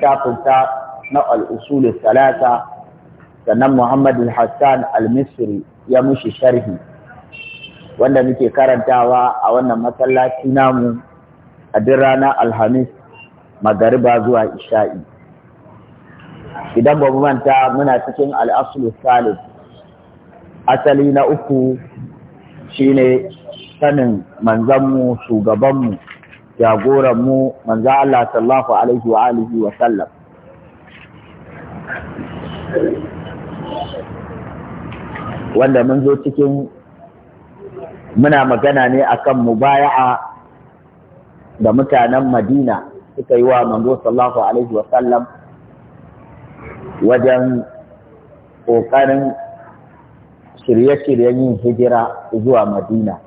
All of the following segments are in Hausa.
shafinta na al'usul salata sannan Muhammad Hassan al-Misri ya mushi sharhi wanda muke karantawa a wannan masallaci namu a duk ranar Alhamis magariba zuwa isha'i idan ba manta muna cikin al'asulu salif asali na uku shine sanin manzanmu shugabanmu jagoran mu manzo Allah sallallahu alaihi wa alihi wa sallam wanda mun zo cikin muna magana ne akan mubaya'a da mutanen Madina suka yi wa manzo sallallahu alaihi wa sallam wajen ƙoƙarin shirye-shiryen yin hijira zuwa Madina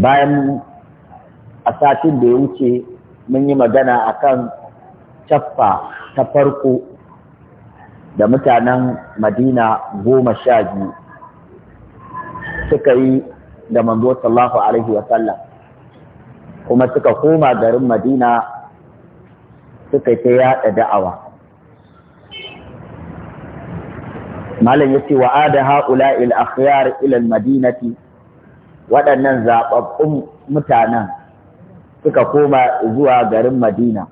bayan a satin da ya wuce mun yi magana a kan caffa ta farko da mutanen madina goma sha biyu suka yi da manzo sallahu alaihi wasallam kuma suka koma garin madina suka ta yada da'awa malam yace wa ada haula il akhyar ila al madinati waɗannan zaɓaɓɓun mutanen suka koma zuwa garin Madina.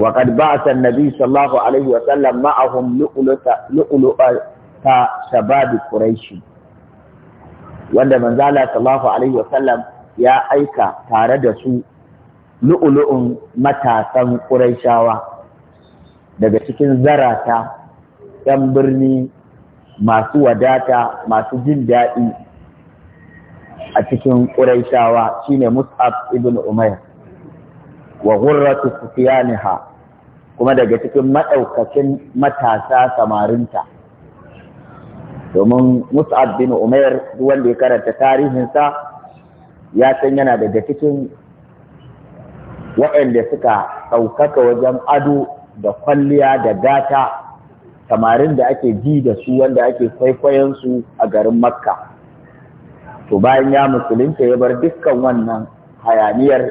وقد بعث النبي صلى الله عليه وسلم معهم ta شباب قريش wanda manzala sallallahu alaihi wasallam ya aika tare da su lu'ulu'un matasan ƙuraishawa daga cikin zarata 'yan birni masu wadata masu jin daɗi a cikin ƙuraishawa shine mus'ab ibn umair wa ghurratu sufyaniha kuma daga cikin maɗaukacin matasa samarinta domin mus'ab bin umair duk wanda ya karanta tarihinsa ya san yana daga cikin waɗanda suka ɗaukaka wajen ado da kwalliya da data. samarin da ake ji da su wanda ake kwaikwayon su a garin makka to bayan ya musulunta ya bar dukkan wannan hayaniyar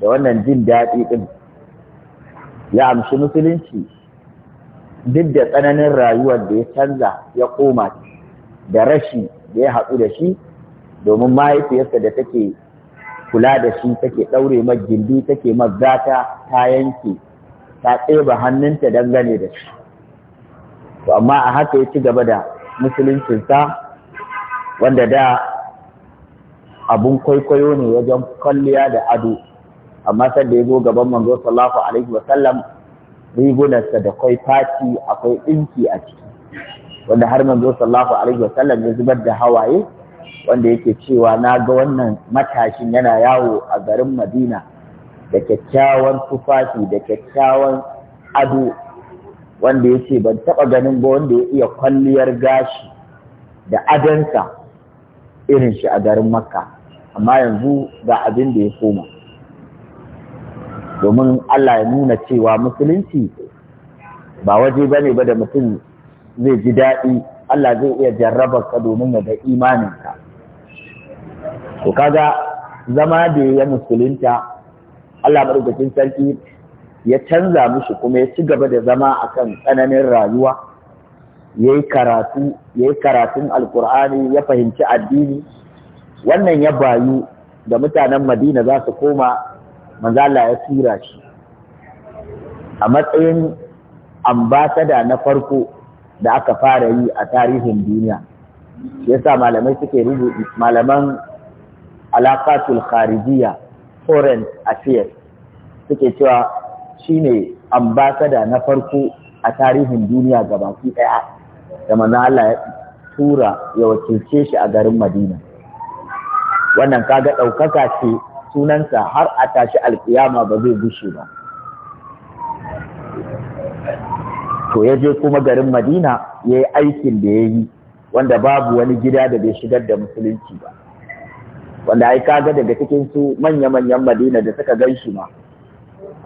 da wannan jin daɗi ɗin ya amshi musulunci duk da tsananin rayuwar da ya canza ya koma da rashi da ya haɗu da shi domin mahaifiyarsa da take kula da shi take ɗaure magindi take mazata ta yanke ta tseba hannunta dangane da shi to amma a haka ya ci gaba da musuluncinsa wanda da abun kwaikwayo ne wajen kwalliya da ado amma sanda ya zo gaban manzo sallallahu alaihi wa sallam rigunarsa da kwai fati akwai ɗinki a ciki wanda har manzo sallallahu alaihi wa sallam ya zubar da hawaye wanda yake cewa na ga wannan matashin yana yawo a garin Madina da kyakkyawan tufafi da kyakkyawan ado wanda ya ce ban taɓa ganin ba wanda ya iya kwalliyar gashi da adansa irin shi a garin makka amma yanzu ga abin da ya koma domin Allah ya nuna cewa musulunci ba waje ba ne ba da mutum zai ji daɗi Allah zai iya jarrabar ka domin ya ga imaninka to kaga zama da ya musulunta Allah maɗaukakin sarki ya canza mushi kuma ya ci gaba da zama a kan tsananin rayuwa ya yi karatu ya yi karatun alkur'ani ya fahimci addini wannan ya bayu da mutanen madina za su koma manzala ya tsira shi a matsayin ambasada na farko da aka fara yi a tarihin duniya yasa malamai suke rubuta malaman alaƙatul kharijiyya foreign affairs suke cewa shi ne ambasada na farko a tarihin duniya ga baki ɗaya da manzon Allah ya tura ya wakilce shi a garin Madina wannan kaga ɗaukaka ce sunansa har a tashi alkiyama ba zai gushe ba to ya je kuma garin Madina ya yi aikin da ya yi wanda babu wani gida da bai shigar da musulunci ba wanda ai kaga daga cikin su manya-manyan Madina da suka gan shi ma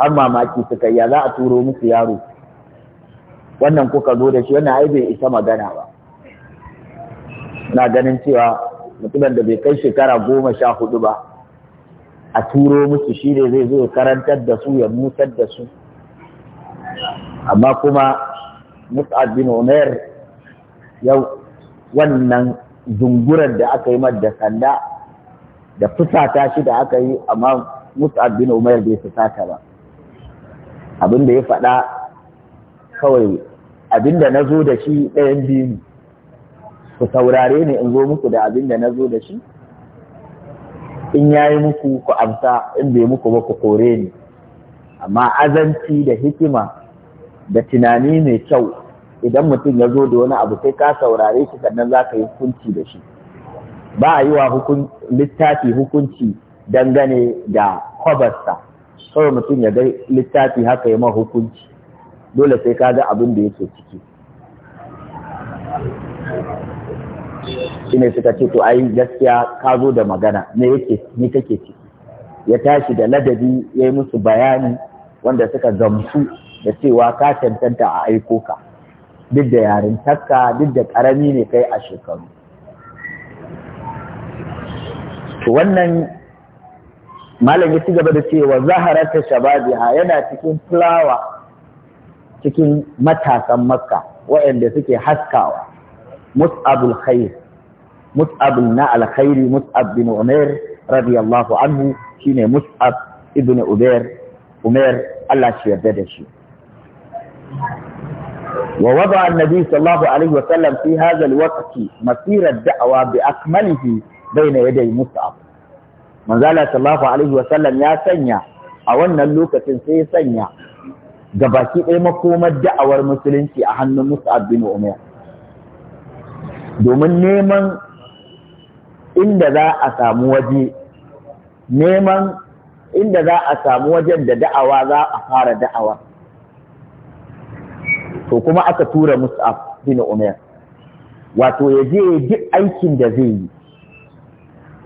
har mamaki suka ya za a turo musu yaro wannan kuka zo da shi wannan ai bai isa magana ba na ganin cewa mutumin da bai kai shekara goma sha hudu ba a turo musu shi ne zai zo karantar da su ya musar da su amma kuma mus'ad bin umar yau wannan zungurar da aka yi da sanda da fusata shi da aka yi amma mus'ad bin umar bai fusata ba abin da ya faɗa kawai abin da na zo da shi ɗayan biyu ku saurare ni in zo muku da abin da na zo da shi in ya yi muku ku amsa in bai muku ba ku kore ni amma azanci da hikima da tunani mai kyau idan mutum ya zo da wani abu sai ka saurare shi sannan za ka yi hukunci da shi ba a yi wa littafi hukunci dangane da kwabarsa kawai mutum ya ga littafi haka ya ma hukunci dole sai ka ga abin da yake ciki shine ne suka ce to ai gaskiya ka zo da magana me yake ni kake ciki ya tashi da ladabi ya yi musu bayani wanda suka gamsu da cewa ka tantanta a aiko ka duk da yarin takka duk da ƙarami ne kai a shekaru to wannan malam ya ci gaba da cewa zaharata shababiha yana cikin fulawa cikin matasan makka waɗanda suke haskawa mus'abul khair mus'ab na alkhairi mus'ab bin umair radiyallahu anhu shine mus'ab ibn umair umair Allah shi yarda da shi wa wada annabi sallallahu alaihi wa sallam fi hadha alwaqti masira ad-da'wa bi akmalihi bayna yaday mus'ab manzala sallallahu alaihi wa sallam ya sanya a wannan lokacin sai ya sanya ga baki ɗaya makomar da'awar musulunci a hannun Musa'ab bin Umar domin neman inda za a samu waje neman inda za a samu wajen da da'awa za a fara da'awa to kuma aka tura Musa bin Umar wato ya je duk aikin da zai yi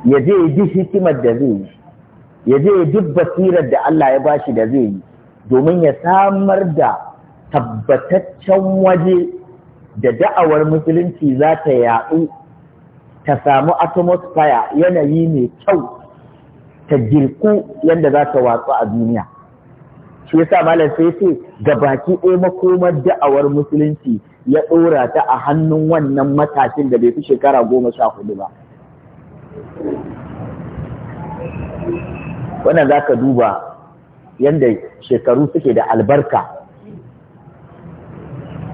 ya je ya duk hikimar da zai yi ya je ya duk basirar da Allah ya bashi da zai yi domin ya samar da tabbataccen waje da da'awar musulunci za ta yaɗu ta samu atmosphere yanayi mai kyau ta girku yadda za ta watsu a duniya shi yasa malam sai ce ga baki ɗaya makomar da'awar musulunci ya ɗora ta a hannun wannan matashin da bai fi shekara goma sha hudu ba wannan za ka duba yadda shekaru suke da albarka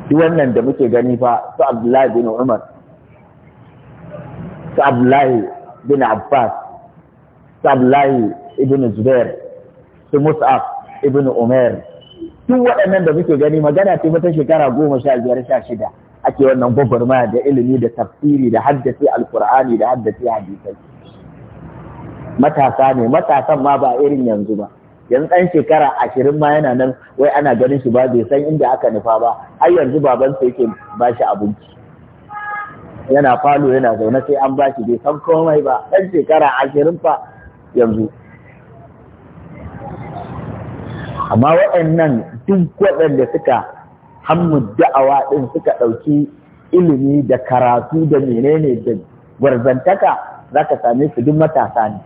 shi wannan da muke gani fa su abdullahi bin umar su abdullahi bin abbas su abdullahi ibn zubair su mus'ab ibn umar duk waɗannan da muke gani magana ce mata shekara goma sha biyar sha shida ake wannan gwagwarmaya da ilimi da tafsiri da haddace alkur'ani da haddace hadisai matasa ne matasan ma ba irin yanzu ba yanzu ɗan shekara ashirin ma yana nan wai ana ganin shi ba bai san inda aka nufa ba har yanzu babansa yake ba shi abinci yana falo yana zaune sai an ba shi bai san komai ba ɗan shekara ashirin fa yanzu amma waɗannan duk waɗanda suka hammu da'awa ɗin suka ɗauki ilimi da karatu da menene da gwarzantaka za ka same su duk matasa ne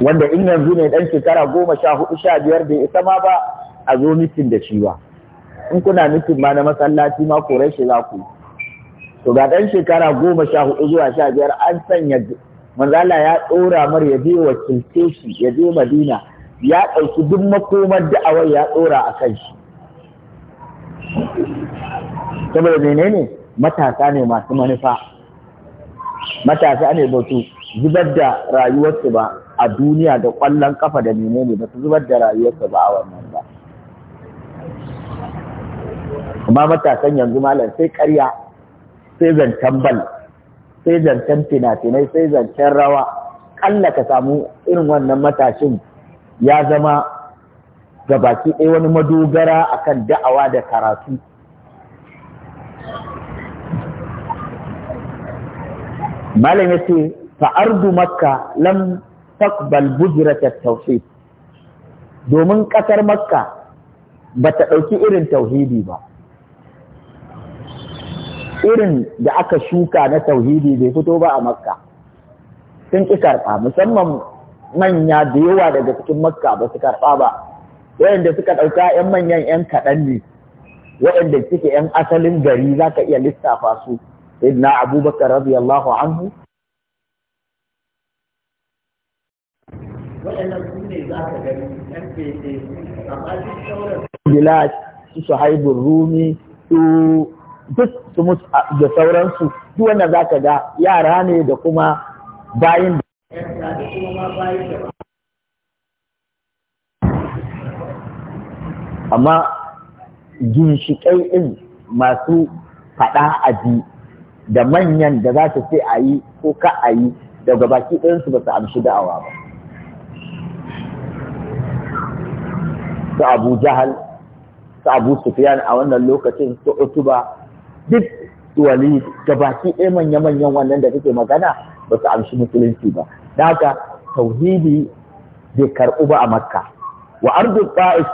wanda in yanzu ne ɗan shekara goma sha hudu sha biyar bai isa ma ba a zo mitin da shi ba in kuna mitin ma na masallaci ma korai shi za ku to ga ɗan shekara goma sha hudu zuwa sha biyar an sanya manzala ya ɗora mar ya je wakilce shi ya je madina ya ɗauki duk makomar da'awar ya ɗora a kan shi saboda menene matasa ne masu manufa matasa ne ba su zubar da rayuwarsu ba a duniya da ƙwallon kafa da menene ba su zubar da rayuwarsu ba a wannan ba amma matasan yanzu malam sai karya, sai zancen bal sai zancen fina-finai sai zancen rawa ƙalla ka samu irin wannan matashin ya zama baki ɗaya wani madogara akan da'awa da karatu malam ya ce fa'ardu makka lam takbal bujirata tauhid domin ƙasar makka ba ta ɗauki irin tauhidi ba irin da aka shuka na tauhidi bai fito ba a makka sun ƙi karɓa musamman manya da yawa daga cikin makka ba su karɓa ba waɗanda suka ɗauka 'yan manyan 'yan kaɗan ne waɗanda suke 'yan asalin gari za ka iya lissafa su na abubakar radiyallahu anhu Bilal su Suhaibun Rumi su duk su da sauransu duk wanda za ka ga yara ne da kuma bayan yasa da kuma ma amma ginshiƙai ɗin masu faɗa aji da manyan da za su ce a yi ko ka a yi daga baki ɗinsu ba su amshi da'awa ba su abu jahal su abu sufiyan a wannan lokacin su utuba duk wali da baki ɗaya manya-manyan wannan da kake magana ba su amshi musulunci ba da tauhidi bai karɓu ba a makka wa ardu ta'if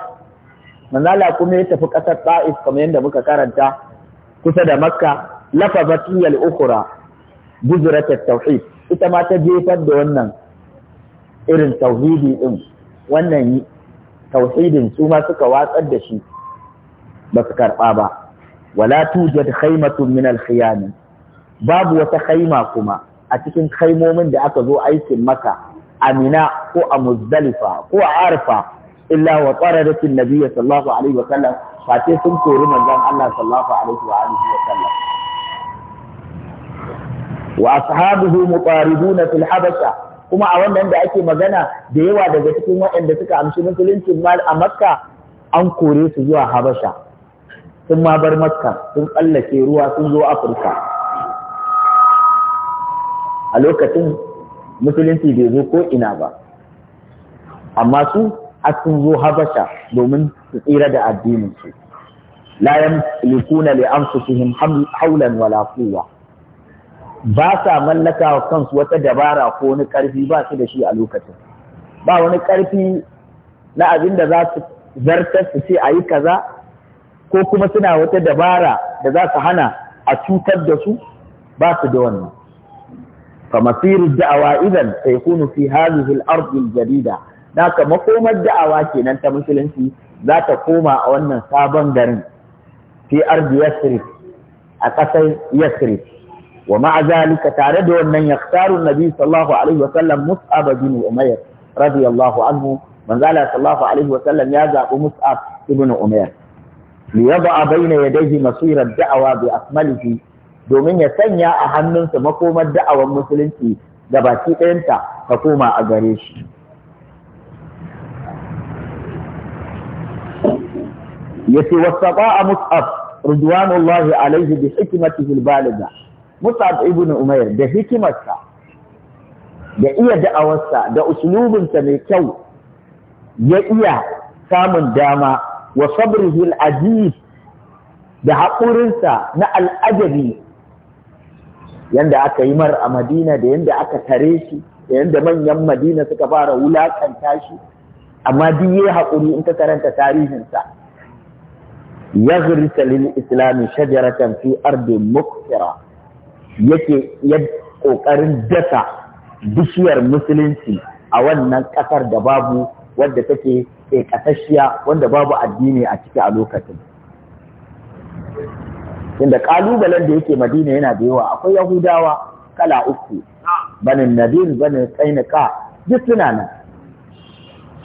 manzala kuma ya tafi ƙasar bais kamar yadda muka karanta kusa da makka lafafatiyal ukura gujurat tauhid ita ma ta jefar da wannan irin tauhidi din wannan tauhidin su ma suka watsar da shi ba su karɓa ba wala tujad khaymatun min al babu wata haima kuma a cikin kaimomin da aka zo aikin maka amina ko a muzdalifa ko a arfa illa wa qaradatin nabiyyi sallallahu alaihi wa sallam fate sun kori manzon Allah sallallahu alaihi wa alihi wa sallam wa ashabuhu muqaribuna fil habasha kuma a wannan da ake magana da yawa daga cikin waɗanda suka amshi musuluncin mal a makka an kore su zuwa habasha sun ma bar makka sun tsallake ruwa sun zo afirka a lokacin musulunci bai zo ko ina ba amma su a sun zo habasha domin su tsira da addinin su la yamlikuna li anfusihim hawlan wala quwwa ba sa mallaka wa kansu wata dabara ko wani karfi ba su da shi a lokacin ba wani karfi na abin da za su zartar su ce a yi kaza ko kuma suna wata dabara da za su hana a cutar da su ba su da wannan فمصير الدعوة إذا سيكون في هذه الأرض الجديدة ذاك مقوم الدعوة كنا أنت مثلا في ذات قومة أو أن سابن درن في أرض يسرب أقصي يسرب ومع ذلك تعرض أن يختار النبي صلى الله عليه وسلم مصعب بن أمير رضي الله عنه من قال صلى الله عليه وسلم يا ذا مصعب بن أمير ليضع بين يديه مصير الدعوة بأكمله domin ya sanya a hannunsa makomar da'awar musulunci da baki ɗayanta ta koma a gare shi Ya yace wasaqa mus'ab ridwanullahi alaihi da hikmatihi hilbaliga mus'ab ibn umair da hikimarsa da iya da'awarsa da uslubinsa mai kyau ya iya samun dama wa sabrihi al'ajib da haƙurinsa na al'ajabi yanda aka yi mar a madina da yanda aka tare shi da yanda manyan madina suka fara wulakanta shi amma duk ya haƙuri in ka karanta tarihinsa ya zurta lil islami shajaratan fi ardi muktira yake ya ƙoƙarin dasa bishiyar musulunci a wannan ƙasar da babu wadda take ƙasashiya wanda babu addini a ciki a lokacin tunda kalubalen da yake madina yana da yawa akwai yahudawa kala uku banin nadir banin tsainika duk suna nan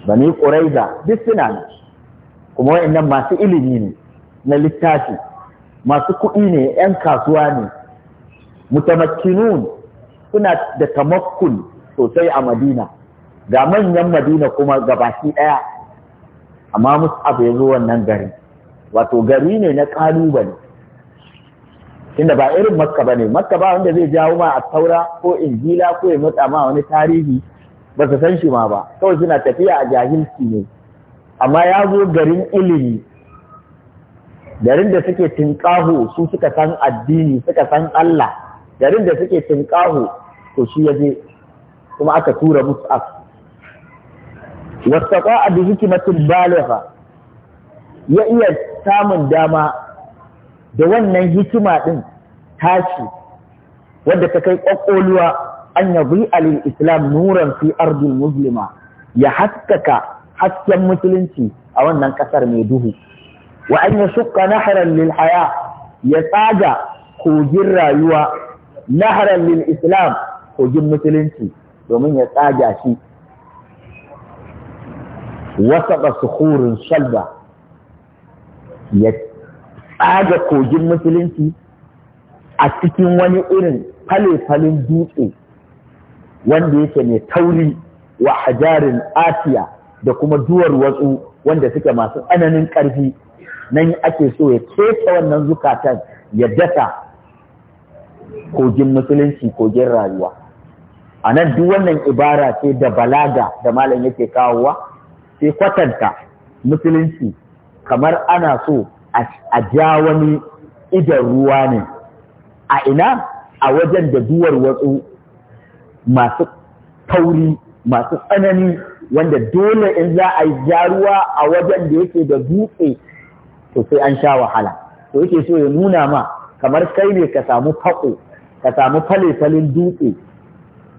bani ƙuraiza duk suna nan kuma wa'annan masu ilimi ne na littafi masu kuɗi ne 'yan kasuwa ne mutamakkinun suna da tamakkun sosai a madina ga manyan madina kuma ga baki ɗaya amma abu ya zo wannan gari wato gari ne na ƙalubale tunda ba irin makka ba ne makka ba wanda zai jawo ma a taura ko injila ko ya matsa ma wani tarihi ba su san shi ma ba kawai suna tafiya a jahilci ne amma ya zo garin ilimi garin da suke tinkahu su suka san addini suka san Allah garin da suke tinkahu to shi ya je kuma aka tura mus'af wastata bi hikmatin baligha ya iya samun dama da wannan hikima ɗin tashi wadda ta kai ƙwaƙwaluwa an yabi alil islam nuran fi ardil muslima ya haskaka hasken musulunci a wannan ƙasar mai duhu wa an shuka naharar lil haya ya tsaga kogin rayuwa naharar lil islam kogin musulunci domin ya tsaga shi wasa ba suhurin shalba ya tsaga kogin musulunci a cikin wani irin fale-falen dutse wanda yake mai tauri wa hajarin asiya da kuma duwar watsu wanda suke masu tsananin ƙarfi nan ake so ya keta wannan zukatan ya dasa kogin musulunci kogin rayuwa a nan duk wannan ibara ce da balaga da malam yake kawowa sai kwatanta musulunci kamar ana so a ja wani idan ruwa ne a ina a wajen da duwar watsu masu tauri masu tsanani wanda dole in za a ja ruwa a wajen da yake da dutse to sai an sha wahala to yake so ya nuna ma kamar kai ne ka samu fako ka samu fale-falen dutse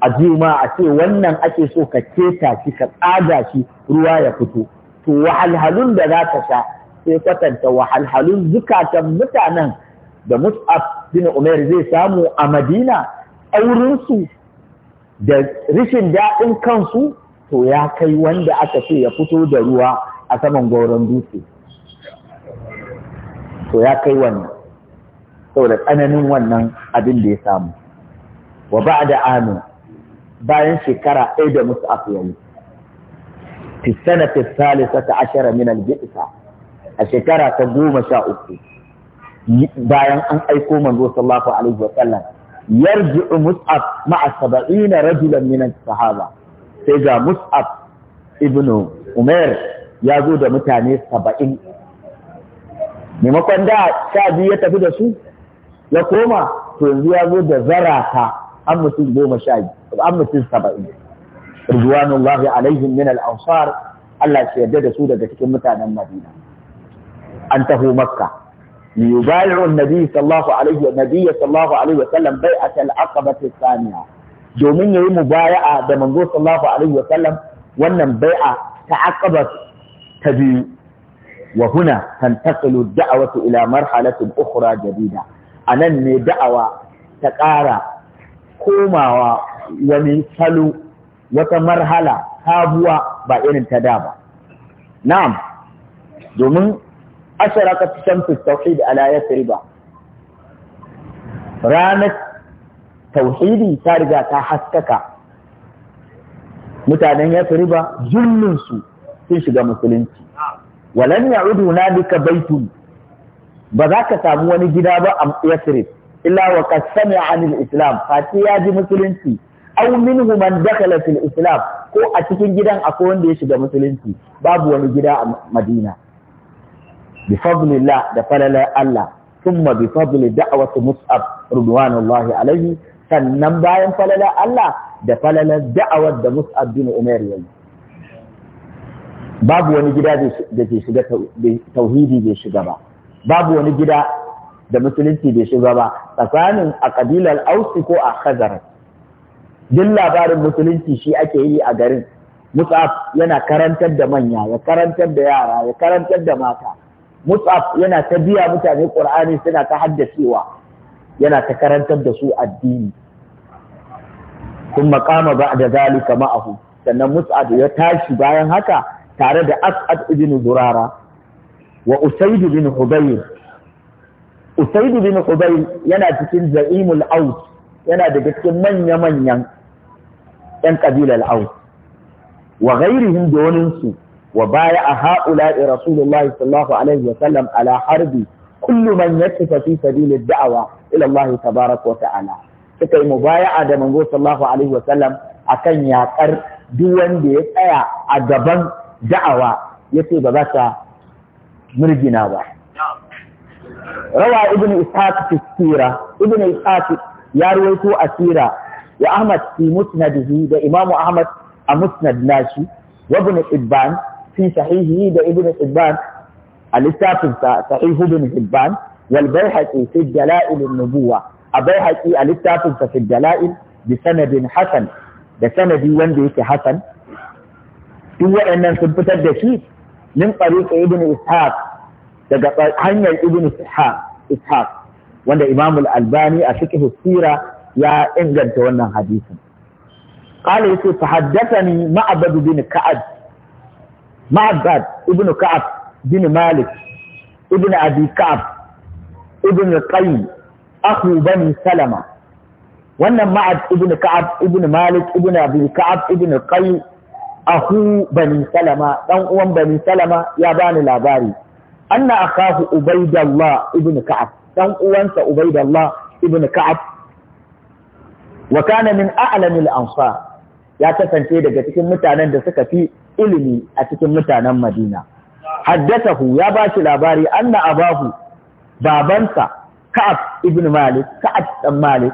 a juma a ce wannan ake so ka keta shi ka tsada shi ruwa ya fito to wahalhalun da za ka sha sai kwatanta wahalhalun zukatan mutanen da Mus'ab bin Umar zai samu a Madina aurinsu da rishin daɗin kansu to ya kai wanda aka ce ya fito da ruwa a saman gauron dutse. To ya kai wannan, saboda tsananin wannan abin da ya samu. Wa ba da amin bayan shekara ɗaya da Mus'ab aka yayi. في السنة الثالثة ta من min a shekara ta goma sha uku bayan an aiko manzo sallallahu alaihi wa sallam yarji'u mus'ab ma'a saba'ina rajulan min sahaba sai ga mus'ab ibnu umair ya zo da mutane saba'in maimakon da sha biyu ya tafi da su ya koma to yanzu ya zo da zarata an mutum goma sha biyu an mutum saba'in rizwanullahi alaihim min al-ansar Allah ya yarda da su daga cikin mutanen Madina an taho makka yubayi'u annabi sallallahu alaihi wa nabi sallallahu alaihi wa sallam domin yayi mubaya'a da manzo sallallahu alaihi wa sallam wannan bai'a ta aqaba ta biyu wa huna tantaqilu da'watu ila marhalatin ukhra jadida anan ne da'awa ta ƙara komawa wani salo wata marhala sabuwa ba irin ta da ba na'am domin ashara asharaqat tauhidi tauhid layar firba, ranar tauhidi ta riga ta haskaka mutanen ya firba su sun shiga musulunci walan na duka baitu ba za ka samu wani gida ba a yasrib illa wa qad a anil islam fati ya ji musulunci au min man dakhala fil islam ko a cikin gidan akwai wanda ya shiga musulunci babu wani gida a madina bi da falalar Allah thumma bi fadli da'wati mus'ab ridwanullahi alaihi sannan bayan falalar Allah da falalar da'awar da mus'ab bin umar yayi babu wani gida da ke shiga tauhidi bai shiga ba babu wani gida da musulunci bai shiga ba tsakanin a kabilar ausi ko a khazar duk labarin musulunci shi ake yi a garin mus'ab yana karantar da manya ya karantar da yara ya karantar da mata Mus'ab yana ta biya mutane Qur'ani suna ta haddacewa yana ta karantar da su addini kuma kama ba da zalika ma'ahu sannan Mus'ab ya tashi bayan haka tare da As'ad ibn Zurara wa Usayd ibn Hubayr Usayd ibn Hubayr yana cikin Za'imul Aus yana daga cikin manya-manyan 'yan ƙabilar Aus wa ghairihim da waninsu wa baya a ha'ula'i Rasulullah sallallahu alaihi wa sallam ala harbi kullu man yatfa fi da'wa ila Allah tabaaraka wa ta'ala suka yi mubaya'a da manzo sallallahu alaihi wa sallam akan yakar duk wanda ya tsaya a gaban da'awa yace ba za ta murgina ba روى ابن إسحاق في السيرة ابن إسحاق يروي أسيرة وأحمد في مسنده ده إمام أحمد المسند ناشي وابن إبان في صحيحه ده ابن حبان الاستاف صحيح ابن حبان والبيحكي في الجلائل النبوة البيحكي الاستاف في الجلائل بسند حسن بسند ينبيك حسن في أن سبت الدشيد من طريق ابن إسحاق عن ابن إسحاق إسحاق وان إمام الألباني أشكه السيرة يا إنجد وانا حديثا قال يسوع تحدثني معبد بن كعب ma'abbad ibn ka'ab bin malik ibn abi ka'ab ibn qayyim akhu bani salama wannan ma'ad ibn ka'ab ibn malik ibn abi ka'ab ibn qayyim akhu bani salama dan uwan bani salama ya bani labari anna akahu ubaidallah ibn ka'ab dan uwansa ubaidallah ibn ka'ab wa kana min a'lamil ansar ya kasance daga cikin mutanen da suka fi ilimi a cikin mutanen Madina. Haddasahu ya ba shi labari anna abahu babansa Ka'ab ibn Malik, Ka'ab dan Malik.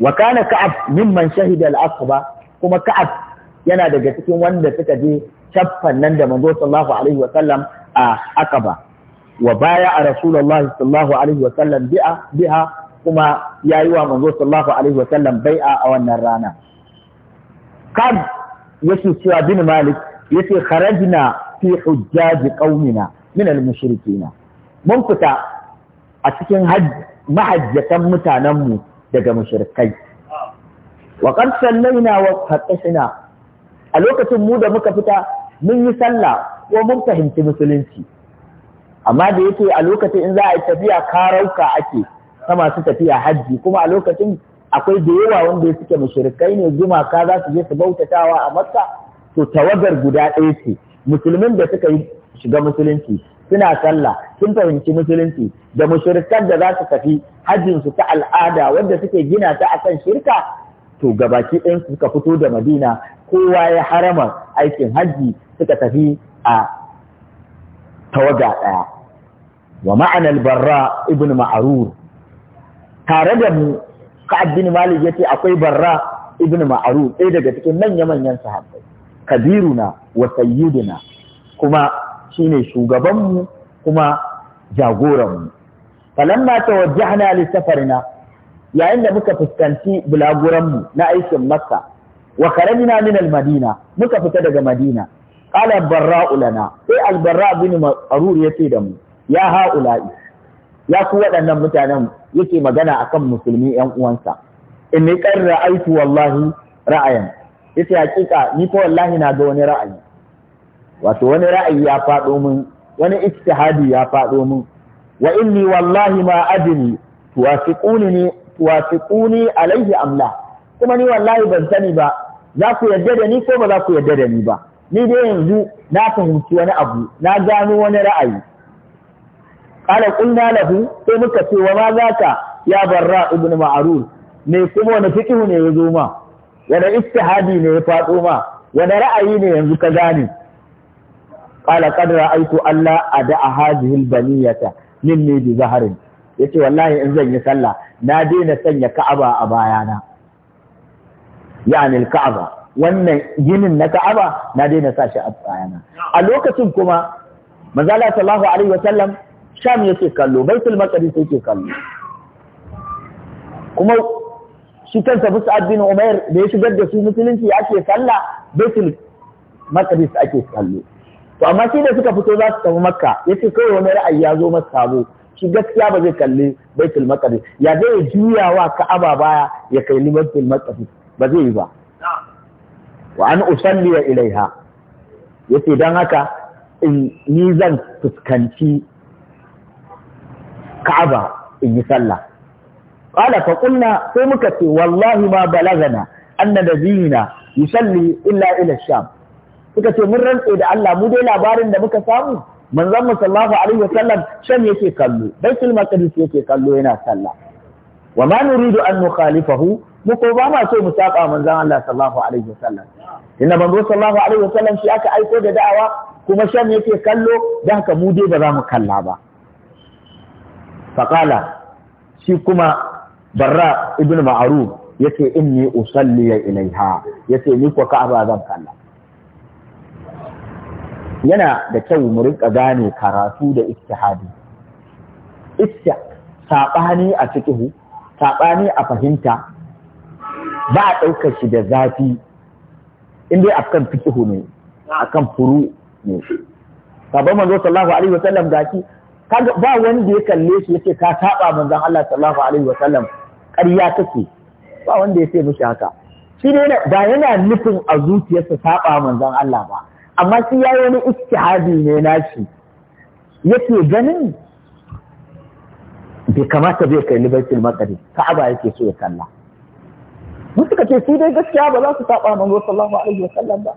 Wa kana Ka'ab mimman shahida al-Aqaba kuma Ka'ab yana daga cikin wanda suka je shaffan nan da manzo sallallahu alaihi wa sallam a Aqaba. Wa baya a Rasulullahi sallallahu alaihi wa sallam bi'a biha kuma yayi wa manzo sallallahu alaihi wa sallam bai'a a wannan rana. qab yake cewa bin malik yace kharajna fi hujjaji qaumina min al mushrikina mun fita a cikin mahajjatan mutanenmu daga mushrikai wa qad sallaina wa fatasina a lokacin mu da muka fita mun yi sallah ko mun fahimci musulunci amma da yake a lokacin in za a yi tafiya karauka ake ta masu tafiya hajji kuma a lokacin akwai da yawa wanda ya suke mushrikai ne gumaka za su je su bautatawa a makka to tawagar guda ɗaya ce musulmin da suka yi shiga musulunci suna sallah sun fahimci musulunci da mushrikan da za su tafi hajjin su ta al'ada wanda suke gina ta akan shirka to gabaki ɗin suka fito da madina kowa ya harama aikin hajji suka tafi a tawaga ɗaya wa ma'anar barra ibn ma'arur tare da mu Ka'ab bin Malik yace akwai Barra ibn Ma'ruf ɗaya daga cikin manya-manyan sahabbai kabiruna wa na, kuma shine shugabanmu kuma jagoranmu falamma tawajjahna li safarina yayin da muka fuskanci mu na aikin Makka wa kharajna min al-Madina muka fita daga Madina qala barra'u lana sai al-barra bin Ma'ruf yace da mu ya ha'ula'i ya ku waɗannan mutanen yake magana akan musulmi ‘yan uwansa. In ni kan ra'aitu wallahi ra'ayan, yace hakika ni ko wallahi na ga wani ra'ayi. Wato wani ra'ayi ya faɗo min, wani ijtihadi ya faɗo min. Wa inni wallahi ma adini tuwafiquni tuwafiquni alaihi amla. Kuma ni wallahi ban sani ba, za ku yarda da ni ko ba za ku yarda da ni ba. Ni dai yanzu na fahimci wani abu, na gano wani ra'ayi. qala qulna lahu sai muka ce wa ma zaka ya barra ibnu ma'rur me kuma wani fiqhu ne ya ma wani istihadi ne ya faɗo ma wani ra'ayi ne yanzu ka gane qala qad ra'aytu alla ada'a hadhihi albaniyata minni bi zaharin yace wallahi in zan yi sallah na daina sanya ka'aba a bayana yani Ka'aba, wannan ginin na ka'aba na daina sa shi a bayana a lokacin kuma manzala sallallahu alaihi sallam. sham yake kallo baitul maqdis yake kallo kuma shi kansa Mus'ab abin Umar da ya shigar da su musulunci ake sallah baitul maqdis ake kallo to amma shi da suka fito za su tafi makka yace kawai wani ra'ayi ya zo masa sabo shi gaskiya ba zai kalli baitul maqdis ya zai juya wa ka'aba baya ya kai baitul maqdis ba zai yi ba wa an usalli ilaiha yace dan haka in ni zan fuskanci ka'aba in yi sallah qala fa qulna sai muka ce wallahi ma balagana anna nabiyina yusalli illa ila sham suka ce mun rantse da Allah mu dai labarin da muka samu manzon sallallahu alaihi wasallam sham yake kallo baitul maqdis yake kallo yana sallah wa ma nuridu an nukhalifahu mu ko ba ma so mu saba manzon Allah sallallahu alaihi wasallam inna manzo sallallahu alaihi wasallam shi aka aiko da da'awa kuma sham yake kallo dan haka mu dai ba za mu kalla ba faƙala shi kuma barra ibn ya ce in ni usalli ilaiha ce ni ko ka'aba zan kalla yana da kyau mu rinka gane karatu da istihadi istiha sabani a cikihu, sabani a fahimta ba a ɗaukar shi da zafi in dai akan fiqhu ne akan furu ne sabon manzo sallallahu alaihi wasallam gaki kaga ba wanda ya kalle shi yace ka saba manzon Allah sallallahu alaihi wa sallam ƙarya kake ba wanda ya ce mishi haka shi ne da yana nufin a zuciyarsa saba manzon Allah ba amma shi ya wani istihadi ne nashi yake ganin bai kamata bai kai libaitul maqdis ka'aba yake so ya kalla mun suka ce su dai gaskiya ba za su saba manzon sallallahu alaihi sallam ba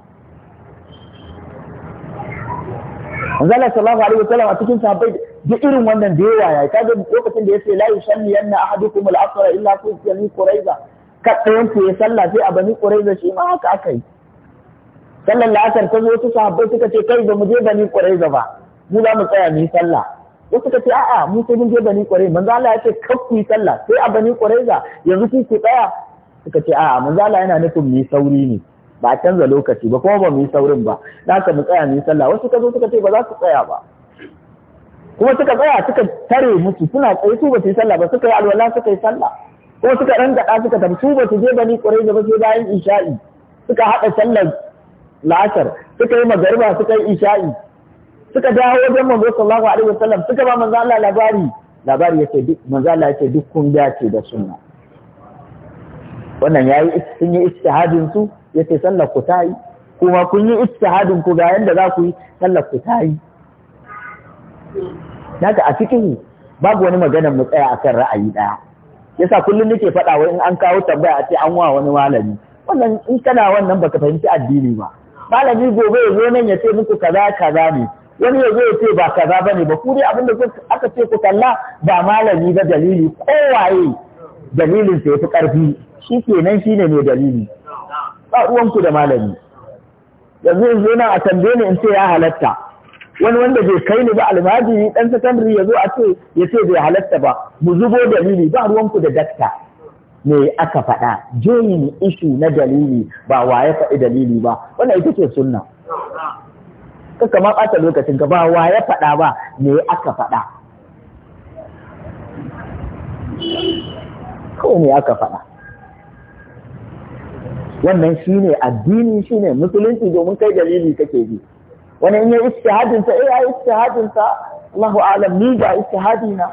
manzo sallallahu alaihi sallam a cikin sahabbai duk irin wannan da yawa yayi kaga lokacin da yace la yushanni yanna ahadukum al-asra illa fi bani quraiza ka ɗayan ku ya sallah sai a bani quraiza shi ma haka aka yi sallar la'asar ta zo su sahabbai suka ce kai ba mu je bani quraiza ba mu za mu tsaya mu yi sallah wasu suka ce a'a mu sai mun je bani quraiza manzo Allah ya ce kar ku yi sallah sai a bani quraiza yanzu ku ku tsaya suka ce a'a manzo Allah yana nufin mu yi sauri ne ba a canza lokaci ba kuma ba mu yi saurin ba na ka mu tsaya mu yi sallah wasu ka zo suka ce ba za su tsaya ba kuma suka tsaya suka tare musu suna tsaye su ba su yi sallah ba suka yi alwala suka yi sallah kuma suka ɗan gaɗa suka tafi su ba su je bani da ba sai bayan isha'i suka haɗa sallar la'asar suka yi magariba suka yi isha'i suka dawo wajen manzo sallallahu alaihi wasallam suka ba manzo Allah labari labari yace duk manzo Allah yace duk kun dace da sunna wannan yayi sun yi istihadin su yace sallar ku tayi kuma kun yi istihadin ku ga yanda za ku yi sallar ku tayi Naka a cikin babu wani maganar mu tsaya akan ra'ayi ɗaya. Yasa kullum nake faɗa wa in an kawo tambaya a ce an wa wani malami. Wannan in kana wannan baka fahimci addini ba. Malami gobe ya zo nan ya ce muku kaza kaza ne. Wani ya zo ya ce ba kaza ne ba ku dai abinda aka ce ku kalla ba malami ba dalili kowaye dalilin sa yafi ƙarfi shi kenan ne mai dalili. Ba uwanku da malami. Yanzu in zo nan a tambaye ni in ce ya halatta. wani wanda bai kai ni ba ni dan sakandare ya zo a ce ya ce bai halatta ba mu zubo dalili ba ruwanku da dakta me aka faɗa join ishu na dalili ba wa ya faɗi dalili ba wannan ita ce sunna Ka kama ɓata lokacin ka ba wa ya faɗa ba me aka faɗa kawai me aka faɗa wannan shine addini shine musulunci domin kai dalili kake bi wani in yi istihadin ta eh ya yi ta Allahu a'lam ni ga istihadi na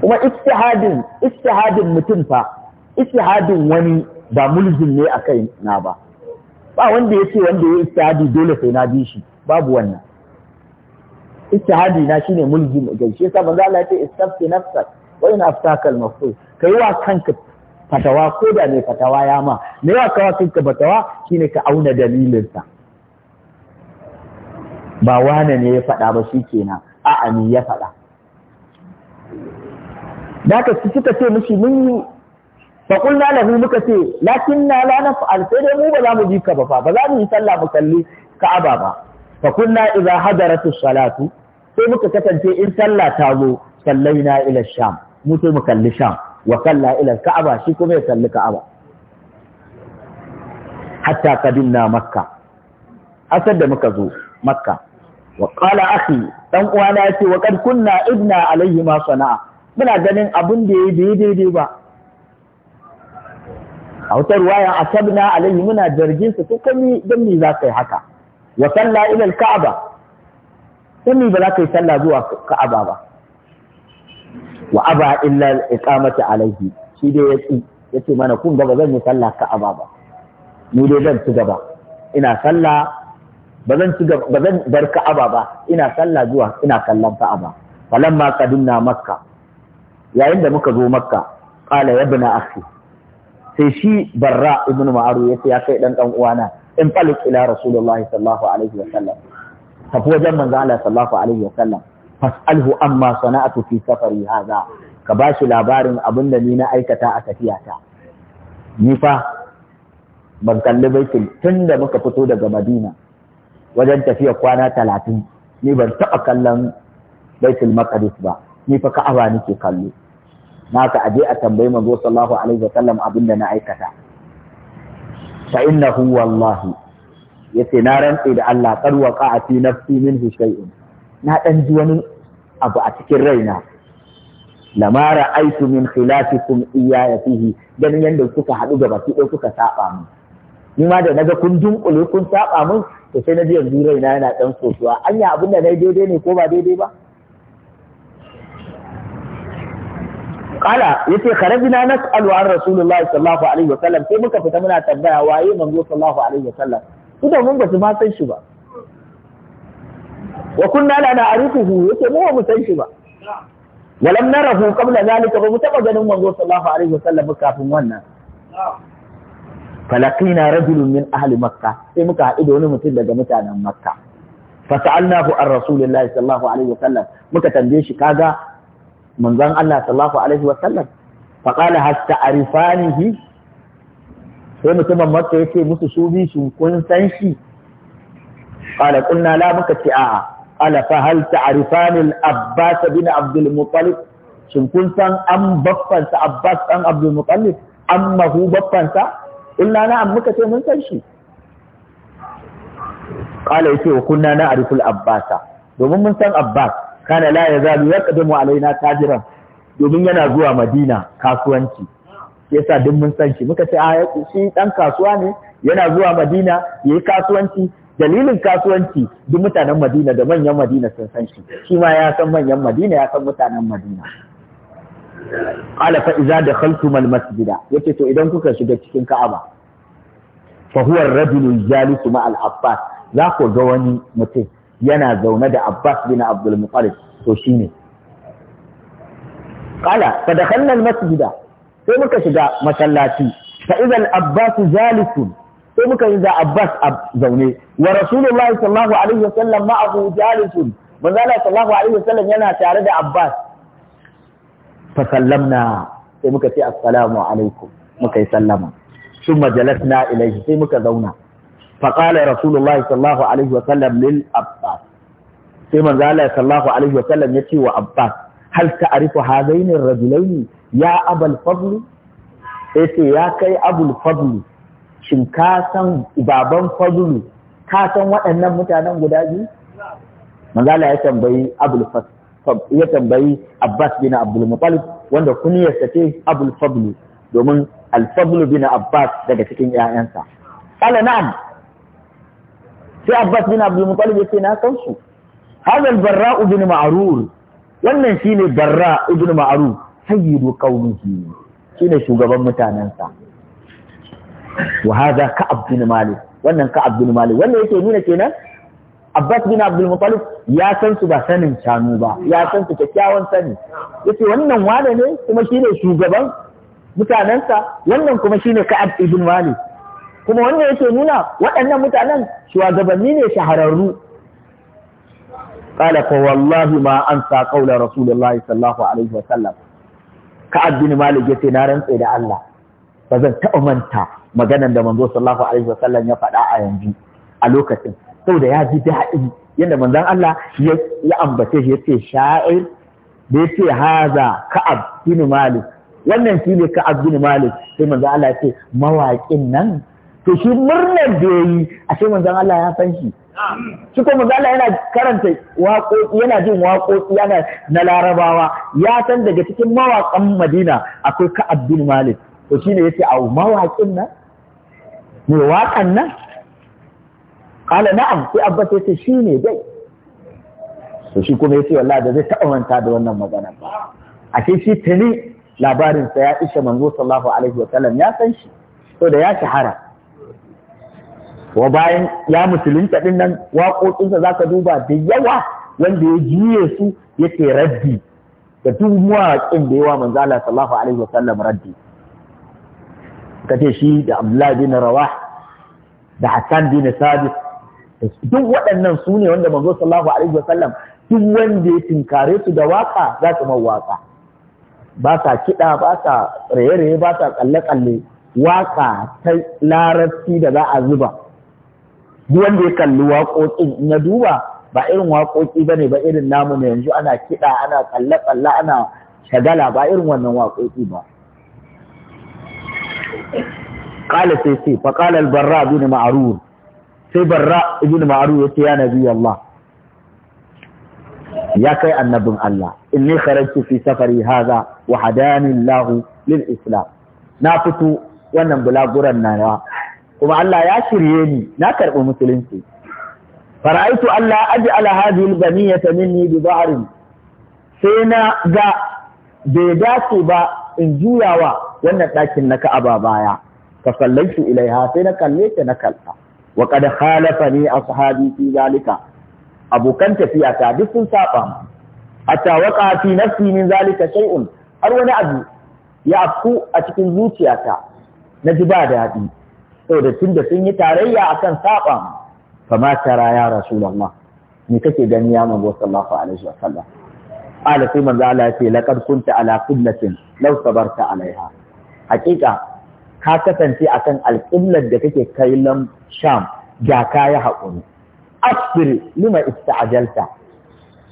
kuma istihadin istihadin mutum fa istihadin wani ba mulzim ne a kai na ba ba wanda ya ce wanda ya yi istihadi dole sai na bi shi babu wannan istihadi na shine mulzim ga shi yasa manzo Allah ya ce istafti nafsak wa in aftaka al-mafsul kai wa kanka fatawa ko da ne fatawa ya ma me wa kawa kanka fatawa shine ka auna dalilinsa ba wane ne ya faɗa ba shi kenan a'a ni ya faɗa da haka su suka ce mushi mun yi fa kullu lahu muka ce lakin na la naf'al sai dai mu ba za mu bi ka ba fa ba za mu yi sallah mu kalli ka'aba ba fa kunna idza hadarat salatu sai muka kasance in sallah ta zo sallaina ila sham mu sai mu kalli sham wa kalla ila ka'aba shi kuma ya kalli ka'aba hatta kadinna makka asar da muka zo makka wa qala ɗan uwana ce wa kad kunna ibna Alayhi ma sana'a muna ganin abin da ya yi daidai ba a wata ruwaya asabna Alayhi muna zargin su to kai me za ka yi haka wa salla ila kaaba Don me ba za ka yi sallah zuwa ka'aba ba wa aba illa al-iqamati Alayhi, shi dai ya yace mana kun gaba zan yi sallah ka'aba ba ni dai zan ci gaba ina sallah ba zan ci ba zan bar Ka'aba ba ina sallah zuwa ina kallon Ka'aba falamma kadunna makka yayin da muka zo makka qala ya ibna akhi sai shi barra ibn ma'aru yace ya kai dan dan uwana in falik ila rasulullah sallallahu alaihi wa sallam tafi wajen manzo Allah sallallahu alaihi wa sallam fas'alhu amma sana'atu fi safari hadha ka bashi labarin abin da ni na aikata a tafiyata ni fa ban kalli baitul tunda muka fito daga Madina wajen tafiyar kwana talatin ni ban taɓa kallon baitul maqdis ba ni fa ka'aba nake kallo naka aje a tambayi manzo sallallahu alaihi wasallam abin da na aikata fa innahu wallahi yace na rantse da Allah kar waqa a fi nafsi minhu na dan ji wani abu a cikin raina Lamara ra'aytu min khilafikum iyaya fihi dan yanda kuka haɗu gaba ki kuka saba mu ni ma da naga kun dunkule kun saba mu to sai na biyan yanzu na yana ɗan sosuwa anya abin da na yi daidai ne ko ba daidai ba kala yace kharajna nas'alu an rasulullahi sallallahu alaihi wasallam sai muka fita muna tambaya waye manzo sallallahu alaihi wasallam kuma mun ba su ma san shi ba wa kunna la na'rifuhu yace mu mu san shi ba walam narahu qabla zalika ba mu taba ganin manzo sallallahu alaihi wasallam kafin wannan falaqina rajulun min ahli makka sai muka haɗu da wani mutum daga mutanen makka fasa'alnahu an rasulillahi sallallahu alaihi wa sallam muka tambaye shi kaga manzon Allah sallallahu alaihi wa sallam fa qala arifanihi sai mutumin ya yace musu su bi su kun san shi qala qulna la muka ce a'a qala fa hal ta'rifani al-abbas bin abdul muttalib shin kun san an baffansa abbas dan abdul muttalib amma hu baffansa illa na am muka ce mun san shi qala yake wa kunna na ariful abbasa domin mun san abbas kana la ya yaqdimu alaina tajiran domin yana zuwa madina kasuwanci yasa duk mun san shi muka ce ah, a shi dan kasuwa ne yana zuwa madina yayi kasuwanci dalilin kasuwanci duk mutanen madina da manyan madina sun san shi shi ma ya san manyan madina ya san mutanen madina qala fa iza dakhaltum al masjida yace to idan kuka shiga cikin ka'aba fa huwa ar-rajulu jalisu al-abbas za ku ga wani mutum yana zaune da abbas bin abdul muttalib to shine qala fa dakhalna al-masjida sai muka shiga masallaci fa idza abbas jalisun sai muka yi da abbas a zaune wa rasulullahi sallallahu alaihi wasallam ma'ahu jalisun manzo Allah alaihi yana tare da abbas fa sallamna sai muka muka yi sallama sun majalasna ilaihi sai muka zauna faƙala rasulullah sallallahu alaihi wasallam lil abbas sai manzo Allah sallallahu alaihi wasallam ya ce wa abbas hal ta'rifu hadain ar-rajulain ya abul fadl ya kai abul fadl shin ka san baban fadlu ka san waɗannan mutanen guda biyu manzo ya tambayi abbas bin abdul muttalib wanda kunyarsa ce abul fadl domin al-fadl bin abbas daga cikin ƴaƴansa qala na'am sai abbas bin abdul muttalib yace na san su hadha al-barra bin wannan shine barra ibn ma'rur sayyidu qaumihi shine shugaban mutanansa wa hadha ka'ab bin malik wannan ka'ab bin malik wannan yake nuna kenan Abbas bin Abdul Muttalib ya san su ba sanin shanu ba, ya san su kyakkyawan sani. Yace wannan wane ne kuma shine shugaban mutanensa wannan kuma shine Ka'ab ibn Malik kuma wanda yake nuna waɗannan mutanen shugabanni ne shahararru qala fa wallahi ma ansa qawla rasulullahi sallallahu wa sallam Ka'ab ibn Malik yace na rantsa da Allah ba zan taɓa manta maganan da manzo sallallahu alaihi sallam ya faɗa a yanzu a lokacin saboda ya ji daɗi yadda manzon Allah ya ambace shi yace sha'ir da yace haza Ka'ab ibn Malik wannan shi ne ka abin malik sai manzo Allah ya ce mawaƙin nan to shi murnar da yayi ashe manzo Allah ya san shi shi ko manzo Allah yana karanta waƙoƙi yana jin waƙoƙi yana na larabawa ya san daga cikin mawaƙan Madina akwai ka abin malik to shi ne yace au mawaƙin nan me waƙan nan kala na'am sai abba sai ce shi ne dai to shi kuma yace wallahi da zai taɓa manta da wannan magana ba ashe shi tuni labarinsa ya isha manzo sallallahu alaihi wa sallam ya san shi to da ya shahara wa bayan ya musulunta din nan waƙoƙinsa za ka duba da yawa wanda ya jiye su yake raddi da duk mawaƙin da yawa manzo Allah sallallahu alaihi wa sallam raddi kace shi da Abdullahi bin Rawah da Hassan bin Sabit duk waɗannan su ne wanda manzo sallallahu alaihi wa sallam duk wanda ya tinkare su da waƙa za su mawaka ba sa kiɗa ba sa raye-raye ba sa kalle-kalle waka ta larabci da za a zuba wanda ya kalli waƙoƙin na duba ba irin waƙoƙi ba ne ba irin namu na yanzu ana kiɗa ana kalle-kalle ana shagala ba irin wannan waƙoƙi ba qala sai sai fa barra bin ma'rur sai barra ibn ma'rur yace ya nabi Allah ya kai annabin Allah ni kharajtu fi safari hadha wa hadani Allah lil islam na fito wannan bulaguran na kuma Allah ya shirye ni na karbi musulunci fara'aitu Allah aj'ala hadhihi al-baniyata minni bi dha'rin sai na ga bai dace ba in juyawa wannan ɗakin na Ka'aba baya fa sallaitu ilaiha sai na kalle ta na kalla wa qad khalafani ashabi fi zalika abokan tafiya ta duk sun saba hatta waqa fi nafsi min zalika shay'un har wani abu ya afku a cikin zuciyata na ji ba daɗi saboda tunda sun yi tarayya akan saba fama tara ya rasulullah ni kake gani ya manzo sallallahu alaihi wa sallam ala sai manzo Allah ya ce laqad kunta ala qiblatin law sabarta alaiha hakika ka kasance akan alƙiblar da kake kallon sham da ya haƙuri asbir lima ista'jalta